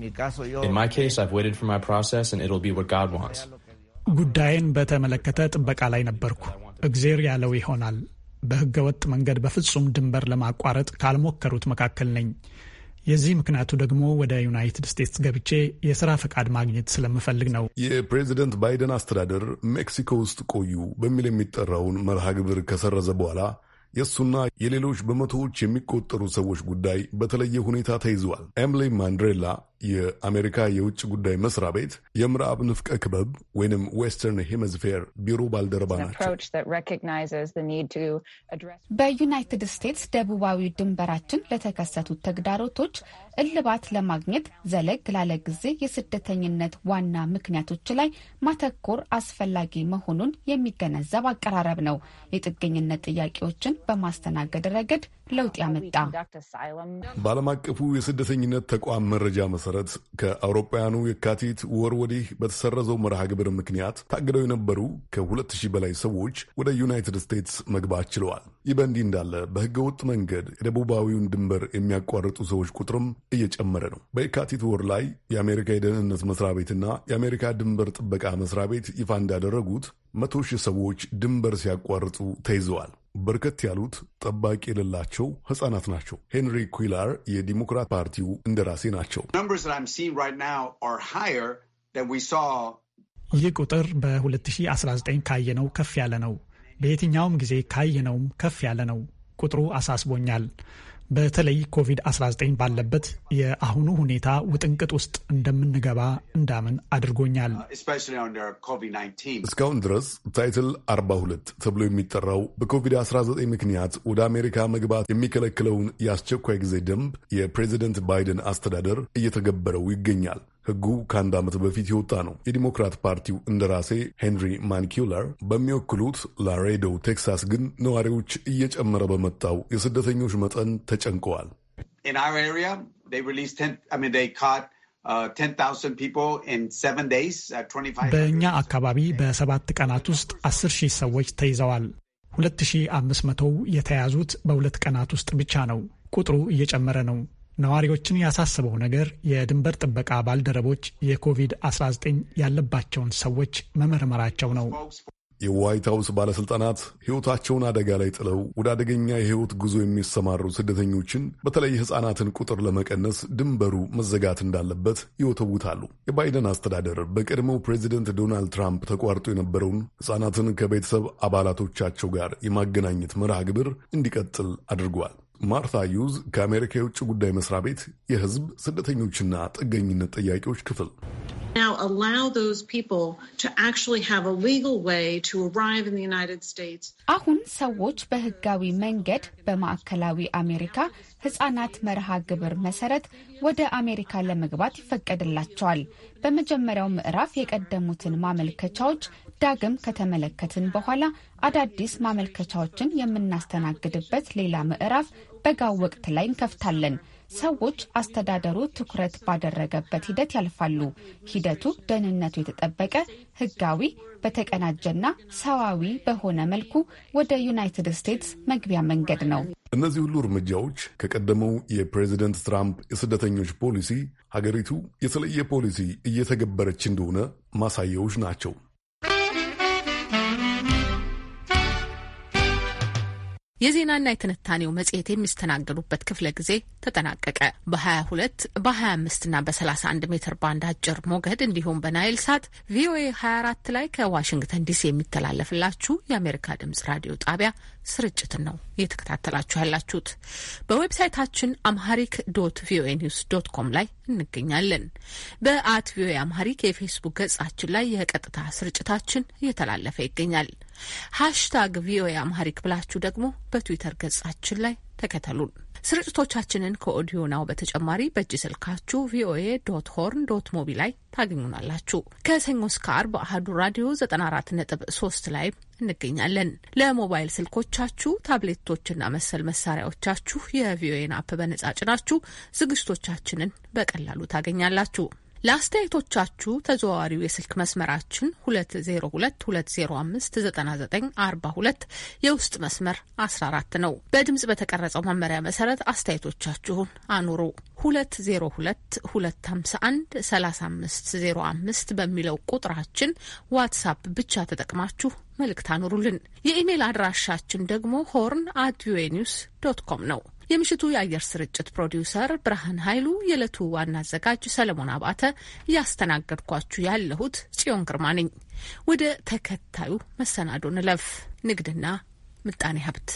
ጉዳይን በተመለከተ ጥበቃ ላይ ነበርኩ። እግዜር ያለው ይሆናል። በህገወጥ መንገድ በፍጹም ድንበር ለማቋረጥ ካልሞከሩት መካከል ነኝ። የዚህ ምክንያቱ ደግሞ ወደ ዩናይትድ ስቴትስ ገብቼ የስራ ፈቃድ ማግኘት ስለምፈልግ ነው። የፕሬዚደንት ባይደን አስተዳደር ሜክሲኮ ውስጥ ቆዩ በሚል የሚጠራውን መርሃ ግብር ከሰረዘ በኋላ የእሱና የሌሎች በመቶዎች የሚቆጠሩ ሰዎች ጉዳይ በተለየ ሁኔታ ተይዘዋል። ኤምሊ ማንድሬላ የአሜሪካ የውጭ ጉዳይ መስሪያ ቤት የምዕራብ ንፍቀ ክበብ ወይንም ዌስተርን ሄምስፌር ቢሮ ባልደረባ ናቸው። በዩናይትድ ስቴትስ ደቡባዊ ድንበራችን ለተከሰቱት ተግዳሮቶች እልባት ለማግኘት ዘለግ ላለ ጊዜ የስደተኝነት ዋና ምክንያቶች ላይ ማተኮር አስፈላጊ መሆኑን የሚገነዘብ አቀራረብ ነው። የጥገኝነት ጥያቄዎችን በማስተናገድ ረገድ ለውጥ ያመጣ። በዓለም አቀፉ የስደተኝነት ተቋም መረጃ መሰረት ከአውሮፓውያኑ የካቲት ወር ወዲህ በተሰረዘው መርሃ ግብር ምክንያት ታግደው የነበሩ ከ ሺህ በላይ ሰዎች ወደ ዩናይትድ ስቴትስ መግባት ችለዋል። ይህ በእንዲህ እንዳለ በህገ ወጥ መንገድ የደቡባዊውን ድንበር የሚያቋርጡ ሰዎች ቁጥርም እየጨመረ ነው። በየካቲት ወር ላይ የአሜሪካ የደህንነት መስሪያ ቤትና የአሜሪካ ድንበር ጥበቃ መስሪያ ቤት ይፋ እንዳደረጉት መቶ ሺህ ሰዎች ድንበር ሲያቋርጡ ተይዘዋል። በርከት ያሉት ጠባቂ የሌላቸው ህጻናት ናቸው። ሄንሪ ኩላር የዲሞክራት ፓርቲው እንደራሴ ናቸው። ይህ ቁጥር በ2019 ካየነው ከፍ ያለ ነው። በየትኛውም ጊዜ ካየነውም ከፍ ያለ ነው። ቁጥሩ አሳስቦኛል። በተለይ ኮቪድ-19 ባለበት የአሁኑ ሁኔታ ውጥንቅጥ ውስጥ እንደምንገባ እንዳምን አድርጎኛል። እስካሁን ድረስ ታይትል 42 ተብሎ የሚጠራው በኮቪድ-19 ምክንያት ወደ አሜሪካ መግባት የሚከለክለውን የአስቸኳይ ጊዜ ደንብ የፕሬዚደንት ባይደን አስተዳደር እየተገበረው ይገኛል። ሕጉ ከአንድ ዓመት በፊት የወጣ ነው። የዲሞክራት ፓርቲው እንደራሴ ሄንሪ ማንኪለር በሚወክሉት ላሬዶ ቴክሳስ ግን ነዋሪዎች እየጨመረ በመጣው የስደተኞች መጠን ተጨንቀዋል። uh, uh, በእኛ አካባቢ በሰባት ቀናት ውስጥ አስር ሺህ ሰዎች ተይዘዋል። መቶው የተያዙት በሁለት ቀናት ውስጥ ብቻ ነው። ቁጥሩ እየጨመረ ነው። ነዋሪዎችን ያሳሰበው ነገር የድንበር ጥበቃ ባልደረቦች የኮቪድ-19 ያለባቸውን ሰዎች መመርመራቸው ነው። የዋይት ሀውስ ባለሥልጣናት ሕይወታቸውን አደጋ ላይ ጥለው ወደ አደገኛ የሕይወት ጉዞ የሚሰማሩ ስደተኞችን በተለይ ሕፃናትን ቁጥር ለመቀነስ ድንበሩ መዘጋት እንዳለበት ይወተውታሉ። የባይደን አስተዳደር በቀድሞው ፕሬዚደንት ዶናልድ ትራምፕ ተቋርጦ የነበረውን ሕፃናትን ከቤተሰብ አባላቶቻቸው ጋር የማገናኘት መርሃ ግብር እንዲቀጥል አድርጓል። ማርታ ዩዝ ከአሜሪካ የውጭ ጉዳይ መስሪያ ቤት የህዝብ ስደተኞችና ጥገኝነት ጥያቄዎች ክፍል አሁን ሰዎች በህጋዊ መንገድ በማዕከላዊ አሜሪካ ህጻናት መርሃ ግብር መሰረት ወደ አሜሪካ ለመግባት ይፈቀድላቸዋል። በመጀመሪያው ምዕራፍ የቀደሙትን ማመልከቻዎች ዳግም ከተመለከትን በኋላ አዳዲስ ማመልከቻዎችን የምናስተናግድበት ሌላ ምዕራፍ በጋው ወቅት ላይ እንከፍታለን። ሰዎች አስተዳደሩ ትኩረት ባደረገበት ሂደት ያልፋሉ። ሂደቱ ደህንነቱ የተጠበቀ ህጋዊ፣ በተቀናጀና ሰዋዊ በሆነ መልኩ ወደ ዩናይትድ ስቴትስ መግቢያ መንገድ ነው። እነዚህ ሁሉ እርምጃዎች ከቀደመው የፕሬዚደንት ትራምፕ የስደተኞች ፖሊሲ ሀገሪቱ የተለየ ፖሊሲ እየተገበረች እንደሆነ ማሳያዎች ናቸው። የዜናና የትንታኔው መጽሔት የሚስተናገዱበት ክፍለ ጊዜ ተጠናቀቀ። በ22 25 እና በ31 ሜትር ባንድ አጭር ሞገድ እንዲሁም በናይል ሳት ቪኦኤ 24 ላይ ከዋሽንግተን ዲሲ የሚተላለፍላችሁ የአሜሪካ ድምጽ ራዲዮ ጣቢያ ስርጭትን ነው እየተከታተላችሁ ያላችሁት። በዌብሳይታችን አምሃሪክ ዶት ቪኦኤ ኒውስ ዶት ኮም ላይ እንገኛለን። በአት ቪኦኤ አምሃሪክ የፌስቡክ ገጻችን ላይ የቀጥታ ስርጭታችን እየተላለፈ ይገኛል። ሃሽታግ ቪኦኤ አምሃሪክ ብላችሁ ደግሞ በትዊተር ገጻችን ላይ ተከተሉን። ስርጭቶቻችንን ከኦዲዮ ናው በተጨማሪ በእጅ ስልካችሁ ቪኦኤ ዶት ሆርን ዶት ሞቢ ላይ ታገኙናላችሁ። ከሰኞ እስከ አርብ አህዱ ራዲዮ 94.3 ላይ እንገኛለን። ለሞባይል ስልኮቻችሁ ታብሌቶችና መሰል መሳሪያዎቻችሁ የቪኦኤን አፕ በነጻ ጭናችሁ ዝግጅቶቻችንን በቀላሉ ታገኛላችሁ። ለአስተያየቶቻችሁ ተዘዋዋሪው የስልክ መስመራችን 2022059942 የውስጥ መስመር 14 ነው። በድምጽ በተቀረጸው መመሪያ መሰረት አስተያየቶቻችሁን አኑሩ። 2022513505 በሚለው ቁጥራችን ዋትሳፕ ብቻ ተጠቅማችሁ መልእክት አኑሩልን። የኢሜል አድራሻችን ደግሞ ሆርን አት ቪኦኤ ኒውስ ዶት ኮም ነው። የምሽቱ የአየር ስርጭት ፕሮዲውሰር ብርሃን ኃይሉ፣ የዕለቱ ዋና አዘጋጅ ሰለሞን አባተ፣ እያስተናገድኳችሁ ያለሁት ጽዮን ግርማ ነኝ። ወደ ተከታዩ መሰናዶ ንለፍ። ንግድና ምጣኔ ሀብት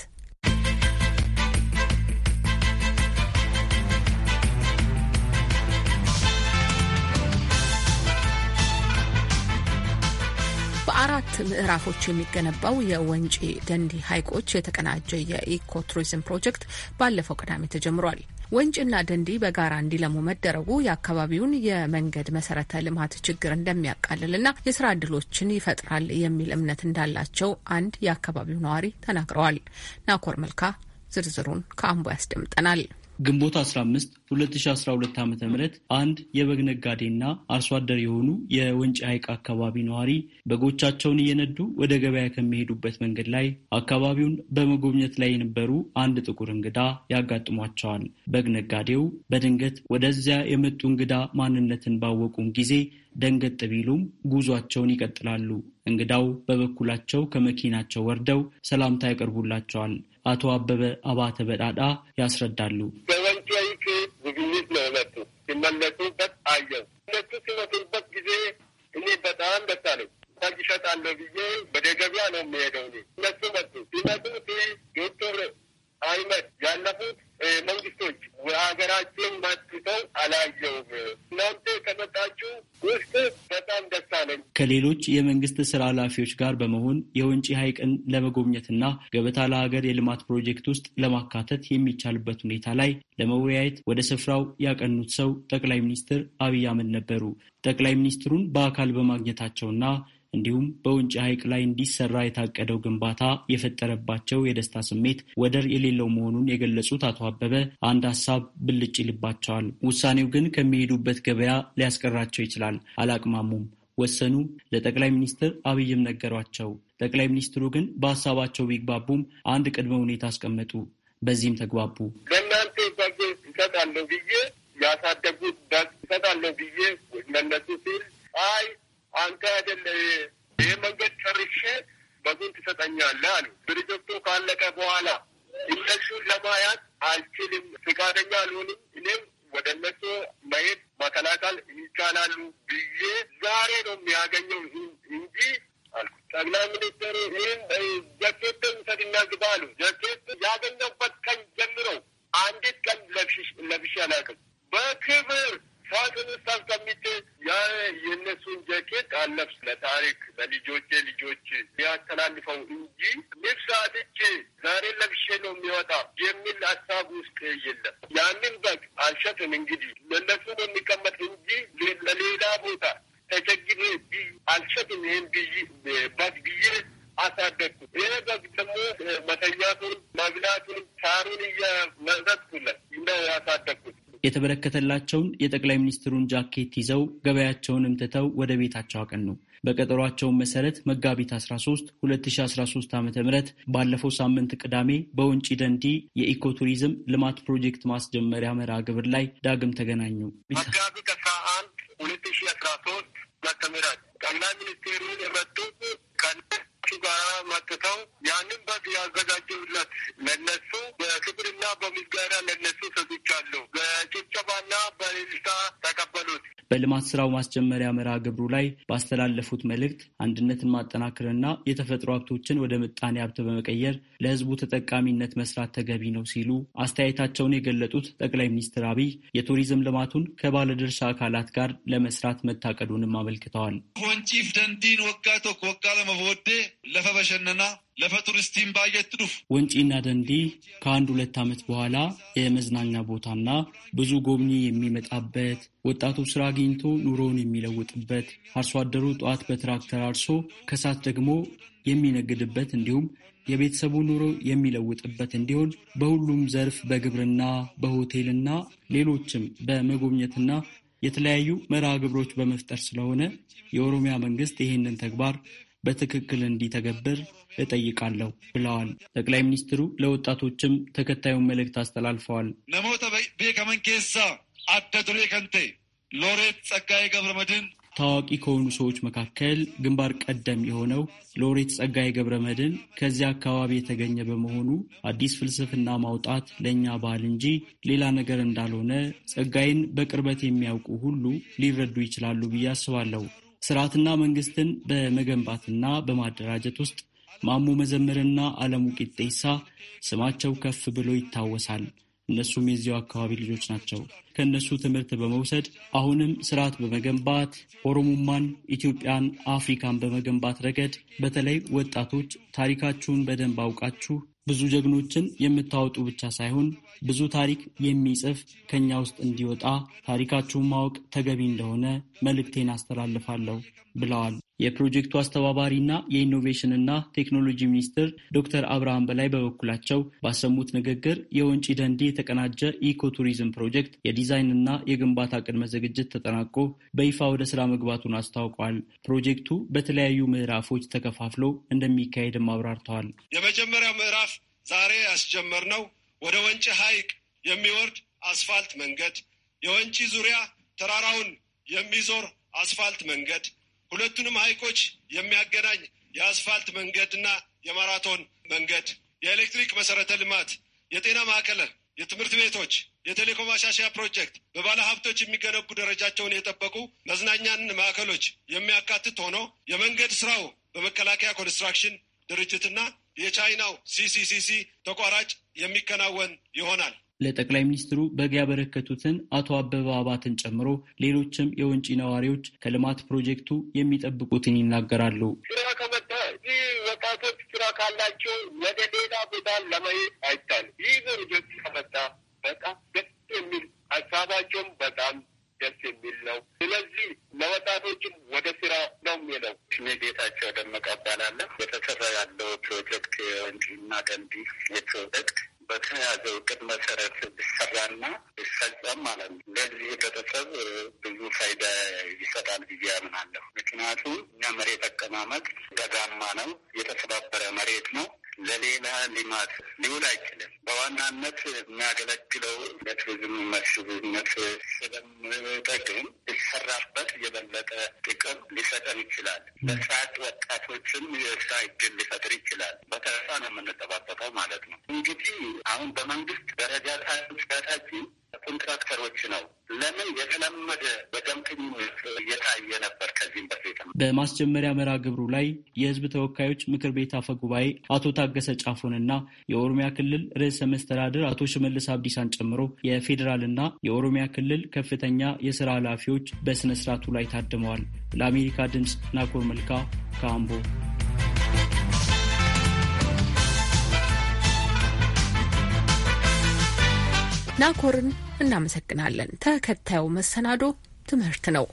በአራት ምዕራፎች የሚገነባው የወንጪ ደንዲ ሐይቆች የተቀናጀ የኢኮቱሪዝም ፕሮጀክት ባለፈው ቅዳሜ ተጀምሯል። ወንጭና ደንዲ በጋራ እንዲለሙ መደረጉ የአካባቢውን የመንገድ መሰረተ ልማት ችግር እንደሚያቃልልና የስራ እድሎችን ይፈጥራል የሚል እምነት እንዳላቸው አንድ የአካባቢው ነዋሪ ተናግረዋል። ናኮር መልካ ዝርዝሩን ከአምቦ ያስደምጠናል። ግንቦት 15 2012 ዓ ም አንድ የበግ ነጋዴና አርሶ አደር የሆኑ የወንጭ ሐይቅ አካባቢ ነዋሪ በጎቻቸውን እየነዱ ወደ ገበያ ከሚሄዱበት መንገድ ላይ አካባቢውን በመጎብኘት ላይ የነበሩ አንድ ጥቁር እንግዳ ያጋጥሟቸዋል። በግ ነጋዴው በድንገት ወደዚያ የመጡ እንግዳ ማንነትን ባወቁም ጊዜ ደንገጥ ቢሉም ጉዟቸውን ይቀጥላሉ። እንግዳው በበኩላቸው ከመኪናቸው ወርደው ሰላምታ ያቀርቡላቸዋል። አቶ አበበ አባተ በዳዳ ያስረዳሉ። በወንጫይት ጉብኝት ነው መጡ። ሲመለሱበት አየው። እነሱ ሲመቱበት ጊዜ እኔ በጣም ደስ አለኝ። ታጅ እሸጣለሁ ብዬ ወደ ገበያ ነው የሚሄደው። እነሱ መጡ። ሲመጡ ዶክተር አይመድ ያለፉት መንግስቶች ሀገራችን ማትተው አላየውም። እናንተ ከመጣችሁ ውስጥ በጣም ደስ አለኝ። ከሌሎች የመንግስት ስራ ኃላፊዎች ጋር በመሆን የወንጪ ሀይቅን ለመጎብኘትና ገበታ ለሀገር የልማት ፕሮጀክት ውስጥ ለማካተት የሚቻልበት ሁኔታ ላይ ለመወያየት ወደ ስፍራው ያቀኑት ሰው ጠቅላይ ሚኒስትር አብይ አህመድ ነበሩ። ጠቅላይ ሚኒስትሩን በአካል በማግኘታቸውና እንዲሁም በውንጭ ሐይቅ ላይ እንዲሰራ የታቀደው ግንባታ የፈጠረባቸው የደስታ ስሜት ወደር የሌለው መሆኑን የገለጹት አቶ አበበ አንድ ሀሳብ ብልጭ ይልባቸዋል። ውሳኔው ግን ከሚሄዱበት ገበያ ሊያስቀራቸው ይችላል። አላቅማሙም፣ ወሰኑ። ለጠቅላይ ሚኒስትር አብይም ነገሯቸው። ጠቅላይ ሚኒስትሩ ግን በሀሳባቸው ቢግባቡም አንድ ቅድመ ሁኔታ አስቀመጡ። በዚህም ተግባቡ። ለእናንተ ዛዜ ይሰጣለሁ ብዬ ያሳደጉት ይሰጣለሁ ብዬ መለሱ ሲል አይ አንተ አይደለ ይህ መንገድ ጨርሼ በዙን ትሰጠኛለህ አሉ። ድርጅቱ ካለቀ በኋላ እነሱን ለማያት አልችልም፣ ፍቃደኛ አልሆንም። እኔም ወደ እነሱ መሄድ መከላከል ይቻላሉ ብዬ ዛሬ ነው የሚያገኘው እንጂ ጠቅላይ ሚኒስትሩ ይህም ጀኬት ሰድና ግባ አሉ። ጀኬት ያገኘበት ቀን ጀምሮ አንዲት ቀን ለብሼ አላውቅም በክብር ከዋክብት ከሚቴ ያ የእነሱን ጀኬት አለብስ ለታሪክ ለልጆቼ ልጆች ያስተላልፈው እንጂ ልብስ አጥቼ ዛሬ ለብሼ ነው የሚወጣ የሚል ሀሳብ ውስጥ የለም። ያንን በግ አልሸጥም እንግዲህ ለእነሱ ነው የሚቀመጥ እንጂ ለሌላ ቦታ ተቸግሬ አልሸጥም። ይህን ብይ በግ ብዬ አሳደግኩ። ይህ በግ ደግሞ መተኛቱን መብላቱን ሳሩን እየመዘዝኩለት እንደ ያሳደግኩት። የተበረከተላቸውን የጠቅላይ ሚኒስትሩን ጃኬት ይዘው ገበያቸውን እምትተው ወደ ቤታቸው አቀኑ። በቀጠሯቸውን መሰረት መጋቢት 13 2013 ዓ ም ባለፈው ሳምንት ቅዳሜ በወንጪ ደንዲ የኢኮቱሪዝም ልማት ፕሮጀክት ማስጀመሪያ መርሃ ግብር ላይ ዳግም ተገናኙ። መጋቢት 11 2013 ጠቅላይ ሚኒስቴሩን የመጡት ከነሱ ጋር መጥተው ያንን በዚህ ያዘጋጅለት ለነሱ በክብርና በምስጋና ለነሱ በደስታ ተቀበሉት። በልማት ስራው ማስጀመሪያ መርሃ ግብሩ ላይ ባስተላለፉት መልእክት አንድነትን ማጠናከርና የተፈጥሮ ሀብቶችን ወደ ምጣኔ ሀብት በመቀየር ለህዝቡ ተጠቃሚነት መስራት ተገቢ ነው ሲሉ አስተያየታቸውን የገለጡት ጠቅላይ ሚኒስትር አብይ የቱሪዝም ልማቱን ከባለድርሻ አካላት ጋር ለመስራት መታቀዱንም አመልክተዋል። ሆንቺፍ ደንዲን ወጋቶክ ወጋ ለመወዴ ለፈበሸነና ወንጪና ደንዲ ከአንድ ሁለት ዓመት በኋላ የመዝናኛ ቦታና ብዙ ጎብኚ የሚመጣበት ወጣቱ ስራ አግኝቶ ኑሮውን የሚለውጥበት አርሶ አደሩ ጠዋት በትራክተር አርሶ ከሳት ደግሞ የሚነግድበት እንዲሁም የቤተሰቡ ኑሮ የሚለውጥበት እንዲሆን በሁሉም ዘርፍ በግብርና በሆቴልና ሌሎችም በመጎብኘትና የተለያዩ መርሃ ግብሮች በመፍጠር ስለሆነ የኦሮሚያ መንግስት ይህንን ተግባር በትክክል እንዲተገበር እጠይቃለሁ ብለዋል። ጠቅላይ ሚኒስትሩ ለወጣቶችም ተከታዩን መልእክት አስተላልፈዋል። ነሞተ ቤከመን ኬሳ ከንቴ ሎሬት ጸጋዬ ገብረ ታዋቂ ከሆኑ ሰዎች መካከል ግንባር ቀደም የሆነው ሎሬት ጸጋዬ ገብረ መድን ከዚህ አካባቢ የተገኘ በመሆኑ አዲስ ፍልስፍና ማውጣት ለእኛ ባህል እንጂ ሌላ ነገር እንዳልሆነ ጸጋዬን በቅርበት የሚያውቁ ሁሉ ሊረዱ ይችላሉ ብዬ አስባለሁ። ስርዓትና መንግስትን በመገንባትና በማደራጀት ውስጥ ማሞ መዘምርና አለሙ ቂጤሳ ስማቸው ከፍ ብሎ ይታወሳል። እነሱም የዚያው አካባቢ ልጆች ናቸው። ከእነሱ ትምህርት በመውሰድ አሁንም ስርዓት በመገንባት ኦሮሞማን፣ ኢትዮጵያን፣ አፍሪካን በመገንባት ረገድ በተለይ ወጣቶች ታሪካችሁን በደንብ አውቃችሁ ብዙ ጀግኖችን የምታወጡ ብቻ ሳይሆን ብዙ ታሪክ የሚጽፍ ከኛ ውስጥ እንዲወጣ ታሪካችሁን ማወቅ ተገቢ እንደሆነ መልእክቴን አስተላልፋለሁ ብለዋል። የፕሮጀክቱ አስተባባሪና የኢኖቬሽንና ቴክኖሎጂ ሚኒስትር ዶክተር አብርሃም በላይ በበኩላቸው ባሰሙት ንግግር የወንጪ ደንዲ የተቀናጀ ኢኮቱሪዝም ፕሮጀክት የዲዛይንና የግንባታ ቅድመ ዝግጅት ተጠናቆ በይፋ ወደ ስራ መግባቱን አስታውቋል። ፕሮጀክቱ በተለያዩ ምዕራፎች ተከፋፍሎ እንደሚካሄድም አብራርተዋል። የመጀመሪያው ምዕራፍ ዛሬ ያስጀመርነው ወደ ወንጪ ሐይቅ የሚወርድ አስፋልት መንገድ፣ የወንጪ ዙሪያ ተራራውን የሚዞር አስፋልት መንገድ፣ ሁለቱንም ሐይቆች የሚያገናኝ የአስፋልት መንገድና የማራቶን መንገድ፣ የኤሌክትሪክ መሰረተ ልማት፣ የጤና ማዕከለ፣ የትምህርት ቤቶች፣ የቴሌኮም ማሻሻያ ፕሮጀክት፣ በባለ ሀብቶች የሚገነቡ ደረጃቸውን የጠበቁ መዝናኛን ማዕከሎች የሚያካትት ሆኖ የመንገድ ስራው በመከላከያ ኮንስትራክሽን ድርጅትና የቻይናው ሲሲሲሲ ተቋራጭ የሚከናወን ይሆናል። ለጠቅላይ ሚኒስትሩ በግ ያበረከቱትን አቶ አበበ አባትን ጨምሮ ሌሎችም የወንጪ ነዋሪዎች ከልማት ፕሮጀክቱ የሚጠብቁትን ይናገራሉ። ስራ ከመጣ ይህ ወጣቶች ስራ ካላቸው ወደ ሌላ ቦታ ለመሄድ አይታል። ይህ ፕሮጀክት ከመጣ በጣም ደስ የሚል ሀሳባቸውም በጣም ደስ የሚል ነው። ስለዚህ ለወጣቶችም ወደ ስራ ነው የሚለው። እኔ ጌታቸው ደመቀ እባላለሁ። የተሰራ ያለው ፕሮጀክት ወንጪና ገንቢ የፕሮጀክት በተያዘው እቅድ መሰረት ቢሰራና ቢፈጸም ማለት ነው ለዚህ ህብረተሰብ ብዙ ፋይዳ ይሰጣል ብዬ አምናለሁ። ምክንያቱም እኛ መሬት አቀማመጥ ደጋማ ነው፣ የተሰባበረ መሬት ነው። ለሌላ ልማት ሊውል አይችልም። በዋናነት የሚያገለግለው ለቱሪዝም መስህብነት ስለሚጠቅም ሊሰራበት የበለጠ ጥቅም ሊሰጠን ይችላል። ለሰዓት ወጣቶችም የስራ እድል ሊፈጥር ይችላል። በተረሳ ነው የምንጠባበቀው ማለት ነው። እንግዲህ አሁን በመንግስት ደረጃ ታችን ኮንትራክተሮች ነው። ለምን የተለመደ በደምክኝ እየታየ ነበር ከዚህም በፊት። በማስጀመሪያ መርሃ ግብሩ ላይ የህዝብ ተወካዮች ምክር ቤት አፈ ጉባኤ አቶ ታገሰ ጫፎንና የኦሮሚያ ክልል ርዕሰ መስተዳድር አቶ ሽመልስ አብዲሳን ጨምሮ የፌዴራልና የኦሮሚያ ክልል ከፍተኛ የስራ ኃላፊዎች በስነስርዓቱ ላይ ታድመዋል። ለአሜሪካ ድምፅ ናኮር መልካ ከአምቦ ናኮርን እናመሰግናለን። ተከታዩ መሰናዶ ትምህርት ነው።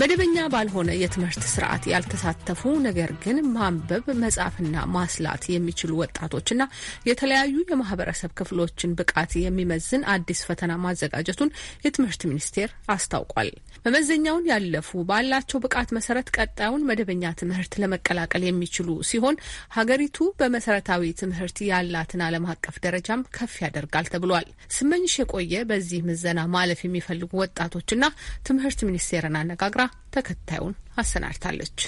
መደበኛ ባልሆነ የትምህርት ስርዓት ያልተሳተፉ ነገር ግን ማንበብ መጻፍና ማስላት የሚችሉ ወጣቶችና የተለያዩ የማህበረሰብ ክፍሎችን ብቃት የሚመዝን አዲስ ፈተና ማዘጋጀቱን የትምህርት ሚኒስቴር አስታውቋል። መመዘኛውን ያለፉ ባላቸው ብቃት መሰረት ቀጣዩን መደበኛ ትምህርት ለመቀላቀል የሚችሉ ሲሆን ሀገሪቱ በመሰረታዊ ትምህርት ያላትን ዓለም አቀፍ ደረጃም ከፍ ያደርጋል ተብሏል። ስመኝሽ የቆየ በዚህ ምዘና ማለፍ የሚፈልጉ ወጣቶችና ትምህርት ሚኒስቴርን አነጋግራ ተከታዩን አሰናድታለች።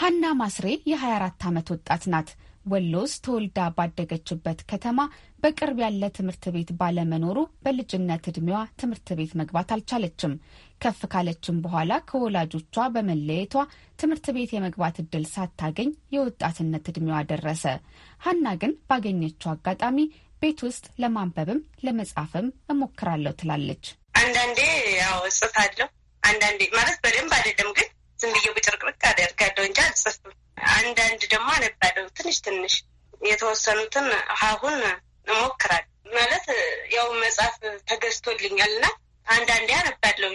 ሀና ማስሬ የ24 ዓመት ወጣት ናት። ወሎ ውስጥ ተወልዳ ባደገችበት ከተማ በቅርብ ያለ ትምህርት ቤት ባለመኖሩ በልጅነት እድሜዋ ትምህርት ቤት መግባት አልቻለችም። ከፍ ካለችም በኋላ ከወላጆቿ በመለየቷ ትምህርት ቤት የመግባት እድል ሳታገኝ የወጣትነት እድሜዋ ደረሰ። ሀና ግን ባገኘችው አጋጣሚ ቤት ውስጥ ለማንበብም ለመጻፍም እሞክራለሁ ትላለች። አንዳንዴ ያው እጽፋለሁ፣ አንዳንዴ ማለት በደንብ አይደለም፣ ግን ዝም ብዬ ብጭርቅርቅ አደርጋለሁ እንጂ አልጽፍም አንዳንድ ደግሞ አነባለሁ ትንሽ ትንሽ የተወሰኑትን አሁን እሞክራል ማለት ያው መጽሐፍ ተገዝቶልኛል እና አንዳንዴ አነባለሁ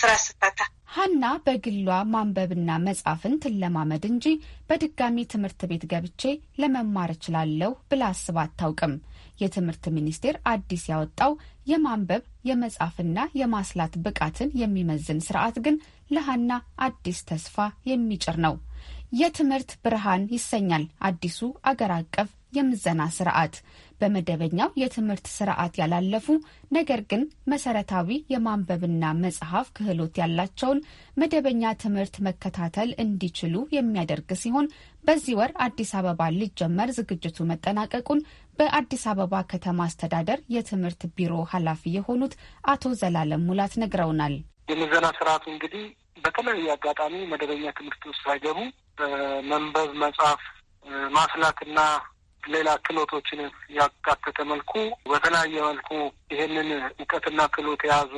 ስራ ስፈታ። ሀና በግሏ ማንበብና መጻፍን ትለማመድ እንጂ በድጋሚ ትምህርት ቤት ገብቼ ለመማር እችላለሁ ብላ አስብ አታውቅም። የትምህርት ሚኒስቴር አዲስ ያወጣው የማንበብ የመጻፍና የማስላት ብቃትን የሚመዝን ስርዓት ግን ለሀና አዲስ ተስፋ የሚጭር ነው። የትምህርት ብርሃን ይሰኛል አዲሱ አገር አቀፍ የምዘና ስርዓት በመደበኛው የትምህርት ስርዓት ያላለፉ ነገር ግን መሰረታዊ የማንበብና መጽሐፍ ክህሎት ያላቸውን መደበኛ ትምህርት መከታተል እንዲችሉ የሚያደርግ ሲሆን በዚህ ወር አዲስ አበባ ሊጀመር ዝግጅቱ መጠናቀቁን በአዲስ አበባ ከተማ አስተዳደር የትምህርት ቢሮ ኃላፊ የሆኑት አቶ ዘላለም ሙላት ነግረውናል። የምዘና ስርዓቱ እንግዲህ በተለያዩ አጋጣሚ መደበኛ ትምህርት ውስጥ ሳይገቡ በመንበብ መጻፍ፣ ማስላክና ሌላ ክህሎቶችን ያካተተ መልኩ በተለያየ መልኩ ይሄንን እውቀትና ክህሎት የያዙ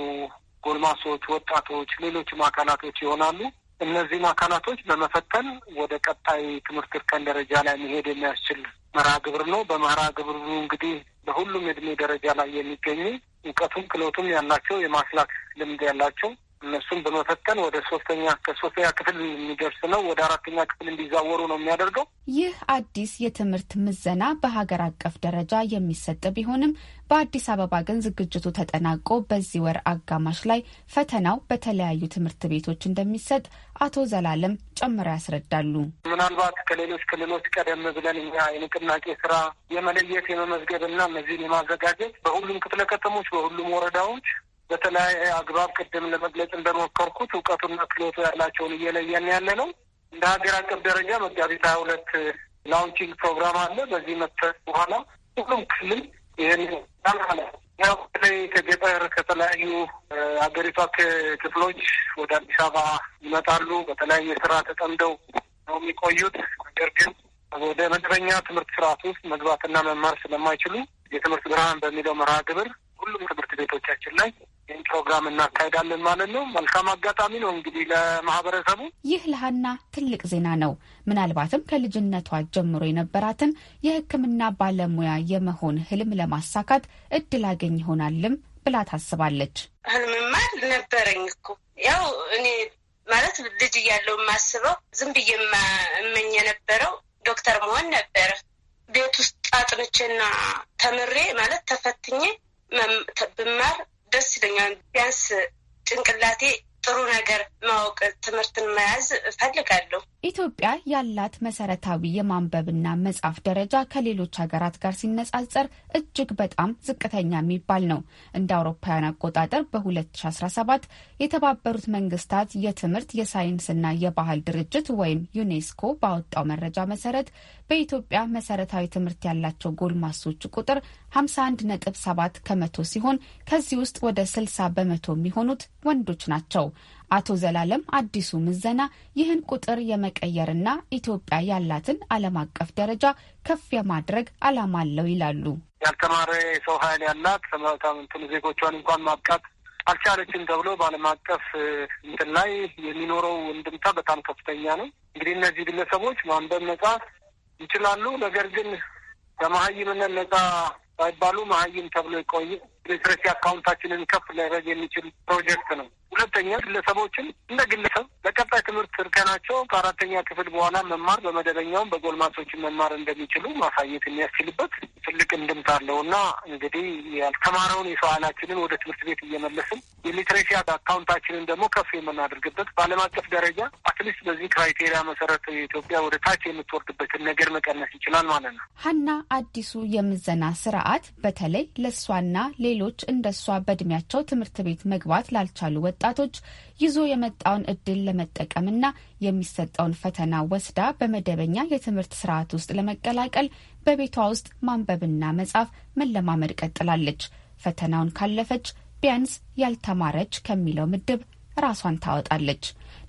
ጎልማሶች፣ ወጣቶች፣ ሌሎችም አካላቶች ይሆናሉ። እነዚህም አካላቶች በመፈተን ወደ ቀጣይ ትምህርት እርከን ደረጃ ላይ መሄድ የሚያስችል መርሃ ግብር ነው። በመርሃ ግብሩ እንግዲህ በሁሉም እድሜ ደረጃ ላይ የሚገኙ እውቀቱም ክህሎቱም ያላቸው የማስላክ ልምድ ያላቸው እነሱም በመፈተን ወደ ሶስተኛ ከሶስተኛ ክፍል የሚደርስ ነው ወደ አራተኛ ክፍል እንዲዛወሩ ነው የሚያደርገው። ይህ አዲስ የትምህርት ምዘና በሀገር አቀፍ ደረጃ የሚሰጥ ቢሆንም በአዲስ አበባ ግን ዝግጅቱ ተጠናቆ በዚህ ወር አጋማሽ ላይ ፈተናው በተለያዩ ትምህርት ቤቶች እንደሚሰጥ አቶ ዘላለም ጨምረው ያስረዳሉ። ምናልባት ከሌሎች ክልሎች ቀደም ብለን እኛ የንቅናቄ ስራ የመለየት የመመዝገብ እነዚህን የማዘጋጀት በሁሉም ክፍለ ከተሞች በሁሉም ወረዳዎች በተለያየ አግባብ ቅድም ለመግለጽ እንደሞከርኩት እውቀቱና ክሎቱ ያላቸውን እየለየን ያለ ነው። እንደ ሀገር አቀፍ ደረጃ መጋቢት ሀያ ሁለት ላውንቺንግ ፕሮግራም አለ። በዚህ መጥተት በኋላ ሁሉም ክልል ይህን ያው በተለይ ከገጠር ከተለያዩ ሀገሪቷ ክፍሎች ወደ አዲስ አበባ ይመጣሉ። በተለያየ ስራ ተጠምደው ነው የሚቆዩት። ነገር ግን ወደ መደበኛ ትምህርት ስርዓት ውስጥ መግባትና መማር ስለማይችሉ የትምህርት ብርሃን በሚለው መርሃ ግብር ሁሉም ትምህርት ቤቶቻችን ላይ ፕሮግራም እናካሄዳለን ማለት ነው። መልካም አጋጣሚ ነው እንግዲህ ለማህበረሰቡ። ይህ ለሀና ትልቅ ዜና ነው። ምናልባትም ከልጅነቷ ጀምሮ የነበራትን የሕክምና ባለሙያ የመሆን ህልም ለማሳካት እድል አገኝ ይሆናልም ብላ ታስባለች። ህልምማ ነበረኝ እኮ ያው እኔ ማለት ልጅ እያለው የማስበው ዝም ብዬ እመኝ የነበረው ዶክተር መሆን ነበረ። ቤት ውስጥ አጥንቼና ተምሬ ማለት ተፈትኜ ብማር ደስ ይለኛል። ቢያንስ ጭንቅላቴ ጥሩ ነገር ማወቅ፣ ትምህርትን መያዝ እፈልጋለሁ። ኢትዮጵያ ያላት መሰረታዊ የማንበብና መጻፍ ደረጃ ከሌሎች ሀገራት ጋር ሲነጻጸር እጅግ በጣም ዝቅተኛ የሚባል ነው። እንደ አውሮፓውያን አቆጣጠር በ2017 የተባበሩት መንግስታት የትምህርት የሳይንስና የባህል ድርጅት ወይም ዩኔስኮ ባወጣው መረጃ መሰረት በኢትዮጵያ መሰረታዊ ትምህርት ያላቸው ጎልማሶች ቁጥር 51.7 ከመቶ ሲሆን ከዚህ ውስጥ ወደ 60 በመቶ የሚሆኑት ወንዶች ናቸው። አቶ ዘላለም አዲሱ ምዘና ይህን ቁጥር የመቀየርና ኢትዮጵያ ያላትን ዓለም አቀፍ ደረጃ ከፍ የማድረግ ዓላማ አለው ይላሉ። ያልተማረ የሰው ኃይል ያላት እንትን ዜጎቿን እንኳን ማብቃት አልቻለችም ተብሎ በዓለም አቀፍ እንትን ላይ የሚኖረው እንድምታ በጣም ከፍተኛ ነው። እንግዲህ እነዚህ ግለሰቦች ማንበብ መጻፍ ይችላሉ። ነገር ግን ከመሀይምነት ነጻ ባይባሉ መሀይም ተብሎ ይቆይ ሊትረሲ አካውንታችንን ከፍ ሊያደርግ የሚችል ፕሮጀክት ነው። ሁለተኛ ግለሰቦችን እንደ ግለሰብ በቀጣይ ትምህርት እርከናቸው ከአራተኛ ክፍል በኋላ መማር በመደበኛውም በጎልማሶችን መማር እንደሚችሉ ማሳየት የሚያስችልበት ትልቅ እንድምት አለው እና እንግዲህ ያልተማረውን የሰው ኃይላችንን ወደ ትምህርት ቤት እየመለስን የሊትሬሲ አካውንታችንን ደግሞ ከፍ የምናደርግበት በዓለም አቀፍ ደረጃ አትሊስት በዚህ ክራይቴሪያ መሰረት ኢትዮጵያ ወደ ታች የምትወርድበትን ነገር መቀነስ ይችላል ማለት ነው። ሀና አዲሱ የምዘና ስርዓት በተለይ ለእሷና ሌ ሌሎች እንደሷ በእድሜያቸው ትምህርት ቤት መግባት ላልቻሉ ወጣቶች ይዞ የመጣውን እድል ለመጠቀምና የሚሰጠውን ፈተና ወስዳ በመደበኛ የትምህርት ስርዓት ውስጥ ለመቀላቀል በቤቷ ውስጥ ማንበብና መጻፍ መለማመድ ቀጥላለች። ፈተናውን ካለፈች ቢያንስ ያልተማረች ከሚለው ምድብ ራሷን ታወጣለች።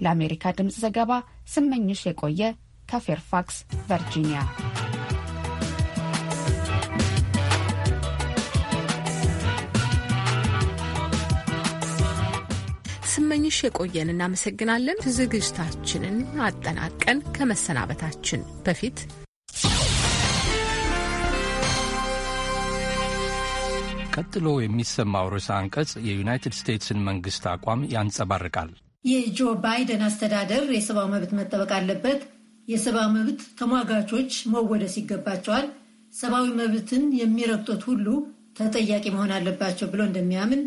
ለአሜሪካ ድምፅ ዘገባ ስመኝሽ የቆየ ከፌርፋክስ ቨርጂኒያ። ስመኝሽ የቆየን እናመሰግናለን። ዝግጅታችንን አጠናቀን ከመሰናበታችን በፊት ቀጥሎ የሚሰማው ርዕሰ አንቀጽ የዩናይትድ ስቴትስን መንግስት አቋም ያንጸባርቃል። የጆ ባይደን አስተዳደር የሰብአዊ መብት መጠበቅ አለበት፣ የሰብአዊ መብት ተሟጋቾች መወደስ ይገባቸዋል፣ ሰብአዊ መብትን የሚረግጡት ሁሉ ተጠያቂ መሆን አለባቸው ብሎ እንደሚያምን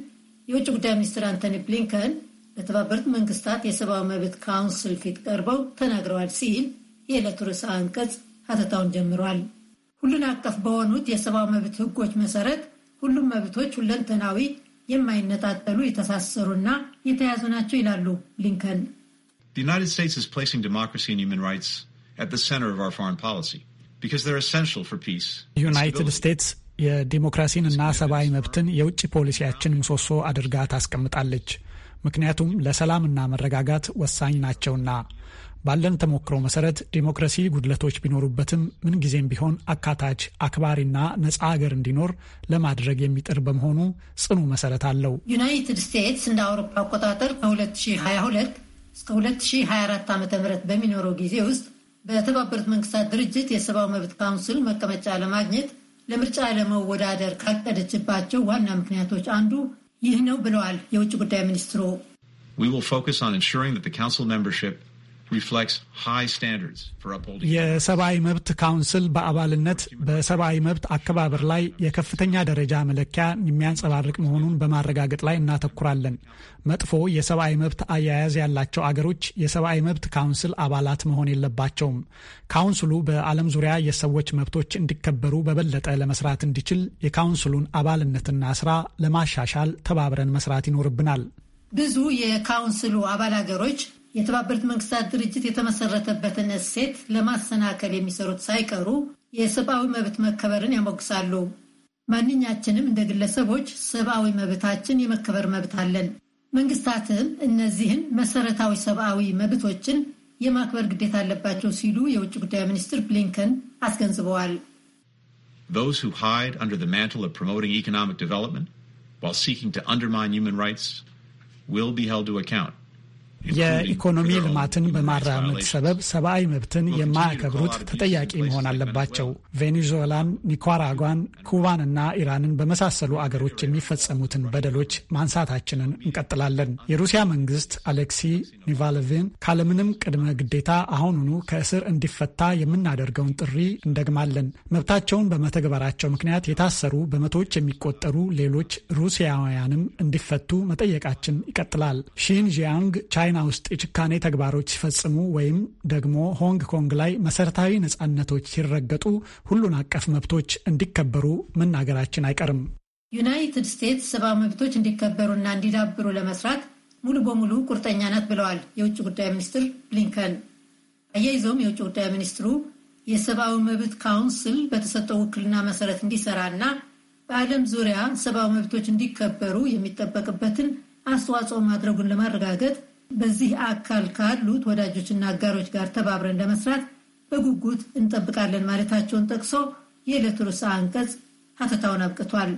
የውጭ ጉዳይ ሚኒስትር አንቶኒ ብሊንከን በተባበሩት መንግስታት የሰብአዊ መብት ካውንስል ፊት ቀርበው ተናግረዋል ሲል የዕለቱ ርዕሰ አንቀጽ ሀተታውን ጀምሯል። ሁሉን አቀፍ በሆኑት የሰብአዊ መብት ህጎች መሰረት ሁሉም መብቶች ሁለንተናዊ፣ የማይነጣጠሉ የተሳሰሩና የተያዙ ናቸው ይላሉ ሊንከን። ዩናይትድ ስቴትስ ኢዝ ፕሌሲንግ ዲሞክራሲ ኤንድ ሂውማን ራይትስ አት ዘ ሴንተር ኦፍ አወር ፎሬን ፖሊሲ ቢካዝ ፎር ፒስ ዩናይትድ ስቴትስ የዲሞክራሲንና ሰብአዊ መብትን የውጭ ፖሊሲያችን ምሰሶ አድርጋ ታስቀምጣለች። ምክንያቱም ለሰላምና መረጋጋት ወሳኝ ናቸውና። ባለን ተሞክሮ መሰረት ዴሞክራሲ ጉድለቶች ቢኖሩበትም ምንጊዜም ቢሆን አካታች፣ አክባሪና ነፃ አገር እንዲኖር ለማድረግ የሚጥር በመሆኑ ጽኑ መሰረት አለው። ዩናይትድ ስቴትስ እንደ አውሮፓ አቆጣጠር ከ2022 እስከ 2024 ዓ ም በሚኖረው ጊዜ ውስጥ በተባበሩት መንግስታት ድርጅት የሰብአዊ መብት ካውንስል መቀመጫ ለማግኘት ለምርጫ ለመወዳደር ካቀደችባቸው ዋና ምክንያቶች አንዱ ይህ ነው ብለዋል የውጭ ጉዳይ ሚኒስትሩ። We will focus on ensuring that the council membership የሰብአዊ መብት ካውንስል በአባልነት በሰብአዊ መብት አከባበር ላይ የከፍተኛ ደረጃ መለኪያ የሚያንጸባርቅ መሆኑን በማረጋገጥ ላይ እናተኩራለን። መጥፎ የሰብአዊ መብት አያያዝ ያላቸው አገሮች የሰብአዊ መብት ካውንስል አባላት መሆን የለባቸውም። ካውንስሉ በዓለም ዙሪያ የሰዎች መብቶች እንዲከበሩ በበለጠ ለመስራት እንዲችል የካውንስሉን አባልነትና ስራ ለማሻሻል ተባብረን መስራት ይኖርብናል። ብዙ የካውንስሉ አባል አገሮች የተባበሩት መንግስታት ድርጅት የተመሰረተበትን እሴት ለማሰናከል የሚሰሩት ሳይቀሩ የሰብአዊ መብት መከበርን ያሞግሳሉ። ማንኛችንም እንደ ግለሰቦች ሰብአዊ መብታችን የመከበር መብት አለን። መንግስታትም እነዚህን መሰረታዊ ሰብአዊ መብቶችን የማክበር ግዴታ አለባቸው ሲሉ የውጭ ጉዳይ ሚኒስትር ብሊንከን አስገንዝበዋል። Those who hide under the mantle of promoting economic development while seeking to undermine human rights will be held to account. የኢኮኖሚ ልማትን በማራመድ ሰበብ ሰብአዊ መብትን የማያከብሩት ተጠያቂ መሆን አለባቸው። ቬኔዙዌላን፣ ኒካራጓን፣ ኩባንና ኢራንን በመሳሰሉ አገሮች የሚፈጸሙትን በደሎች ማንሳታችንን እንቀጥላለን። የሩሲያ መንግስት አሌክሲ ኒቫሎቪን ካለምንም ቅድመ ግዴታ አሁኑኑ ከእስር እንዲፈታ የምናደርገውን ጥሪ እንደግማለን። መብታቸውን በመተግበራቸው ምክንያት የታሰሩ በመቶዎች የሚቆጠሩ ሌሎች ሩሲያውያንም እንዲፈቱ መጠየቃችን ይቀጥላል። ሺንዣንግ ቻይ ቻይና ውስጥ የጭካኔ ተግባሮች ሲፈጽሙ ወይም ደግሞ ሆንግ ኮንግ ላይ መሰረታዊ ነጻነቶች ሲረገጡ ሁሉን አቀፍ መብቶች እንዲከበሩ መናገራችን አይቀርም። ዩናይትድ ስቴትስ ሰብአዊ መብቶች እንዲከበሩና እንዲዳብሩ ለመስራት ሙሉ በሙሉ ቁርጠኛ ናት ብለዋል የውጭ ጉዳይ ሚኒስትር ብሊንከን። አያይዘውም የውጭ ጉዳይ ሚኒስትሩ የሰብአዊ መብት ካውንስል በተሰጠው ውክልና መሰረት እንዲሰራ እና በዓለም ዙሪያ ሰብአዊ መብቶች እንዲከበሩ የሚጠበቅበትን አስተዋጽኦ ማድረጉን ለማረጋገጥ በዚህ አካል ካሉት ወዳጆችና አጋሮች ጋር ተባብረን ለመስራት በጉጉት እንጠብቃለን ማለታቸውን ጠቅሶ የዕለቱ ርዕሰ አንቀጽ ሀተታውን አብቅቷል።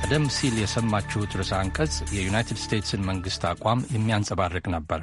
ቀደም ሲል የሰማችሁት ርዕሰ አንቀጽ የዩናይትድ ስቴትስን መንግስት አቋም የሚያንጸባርቅ ነበር።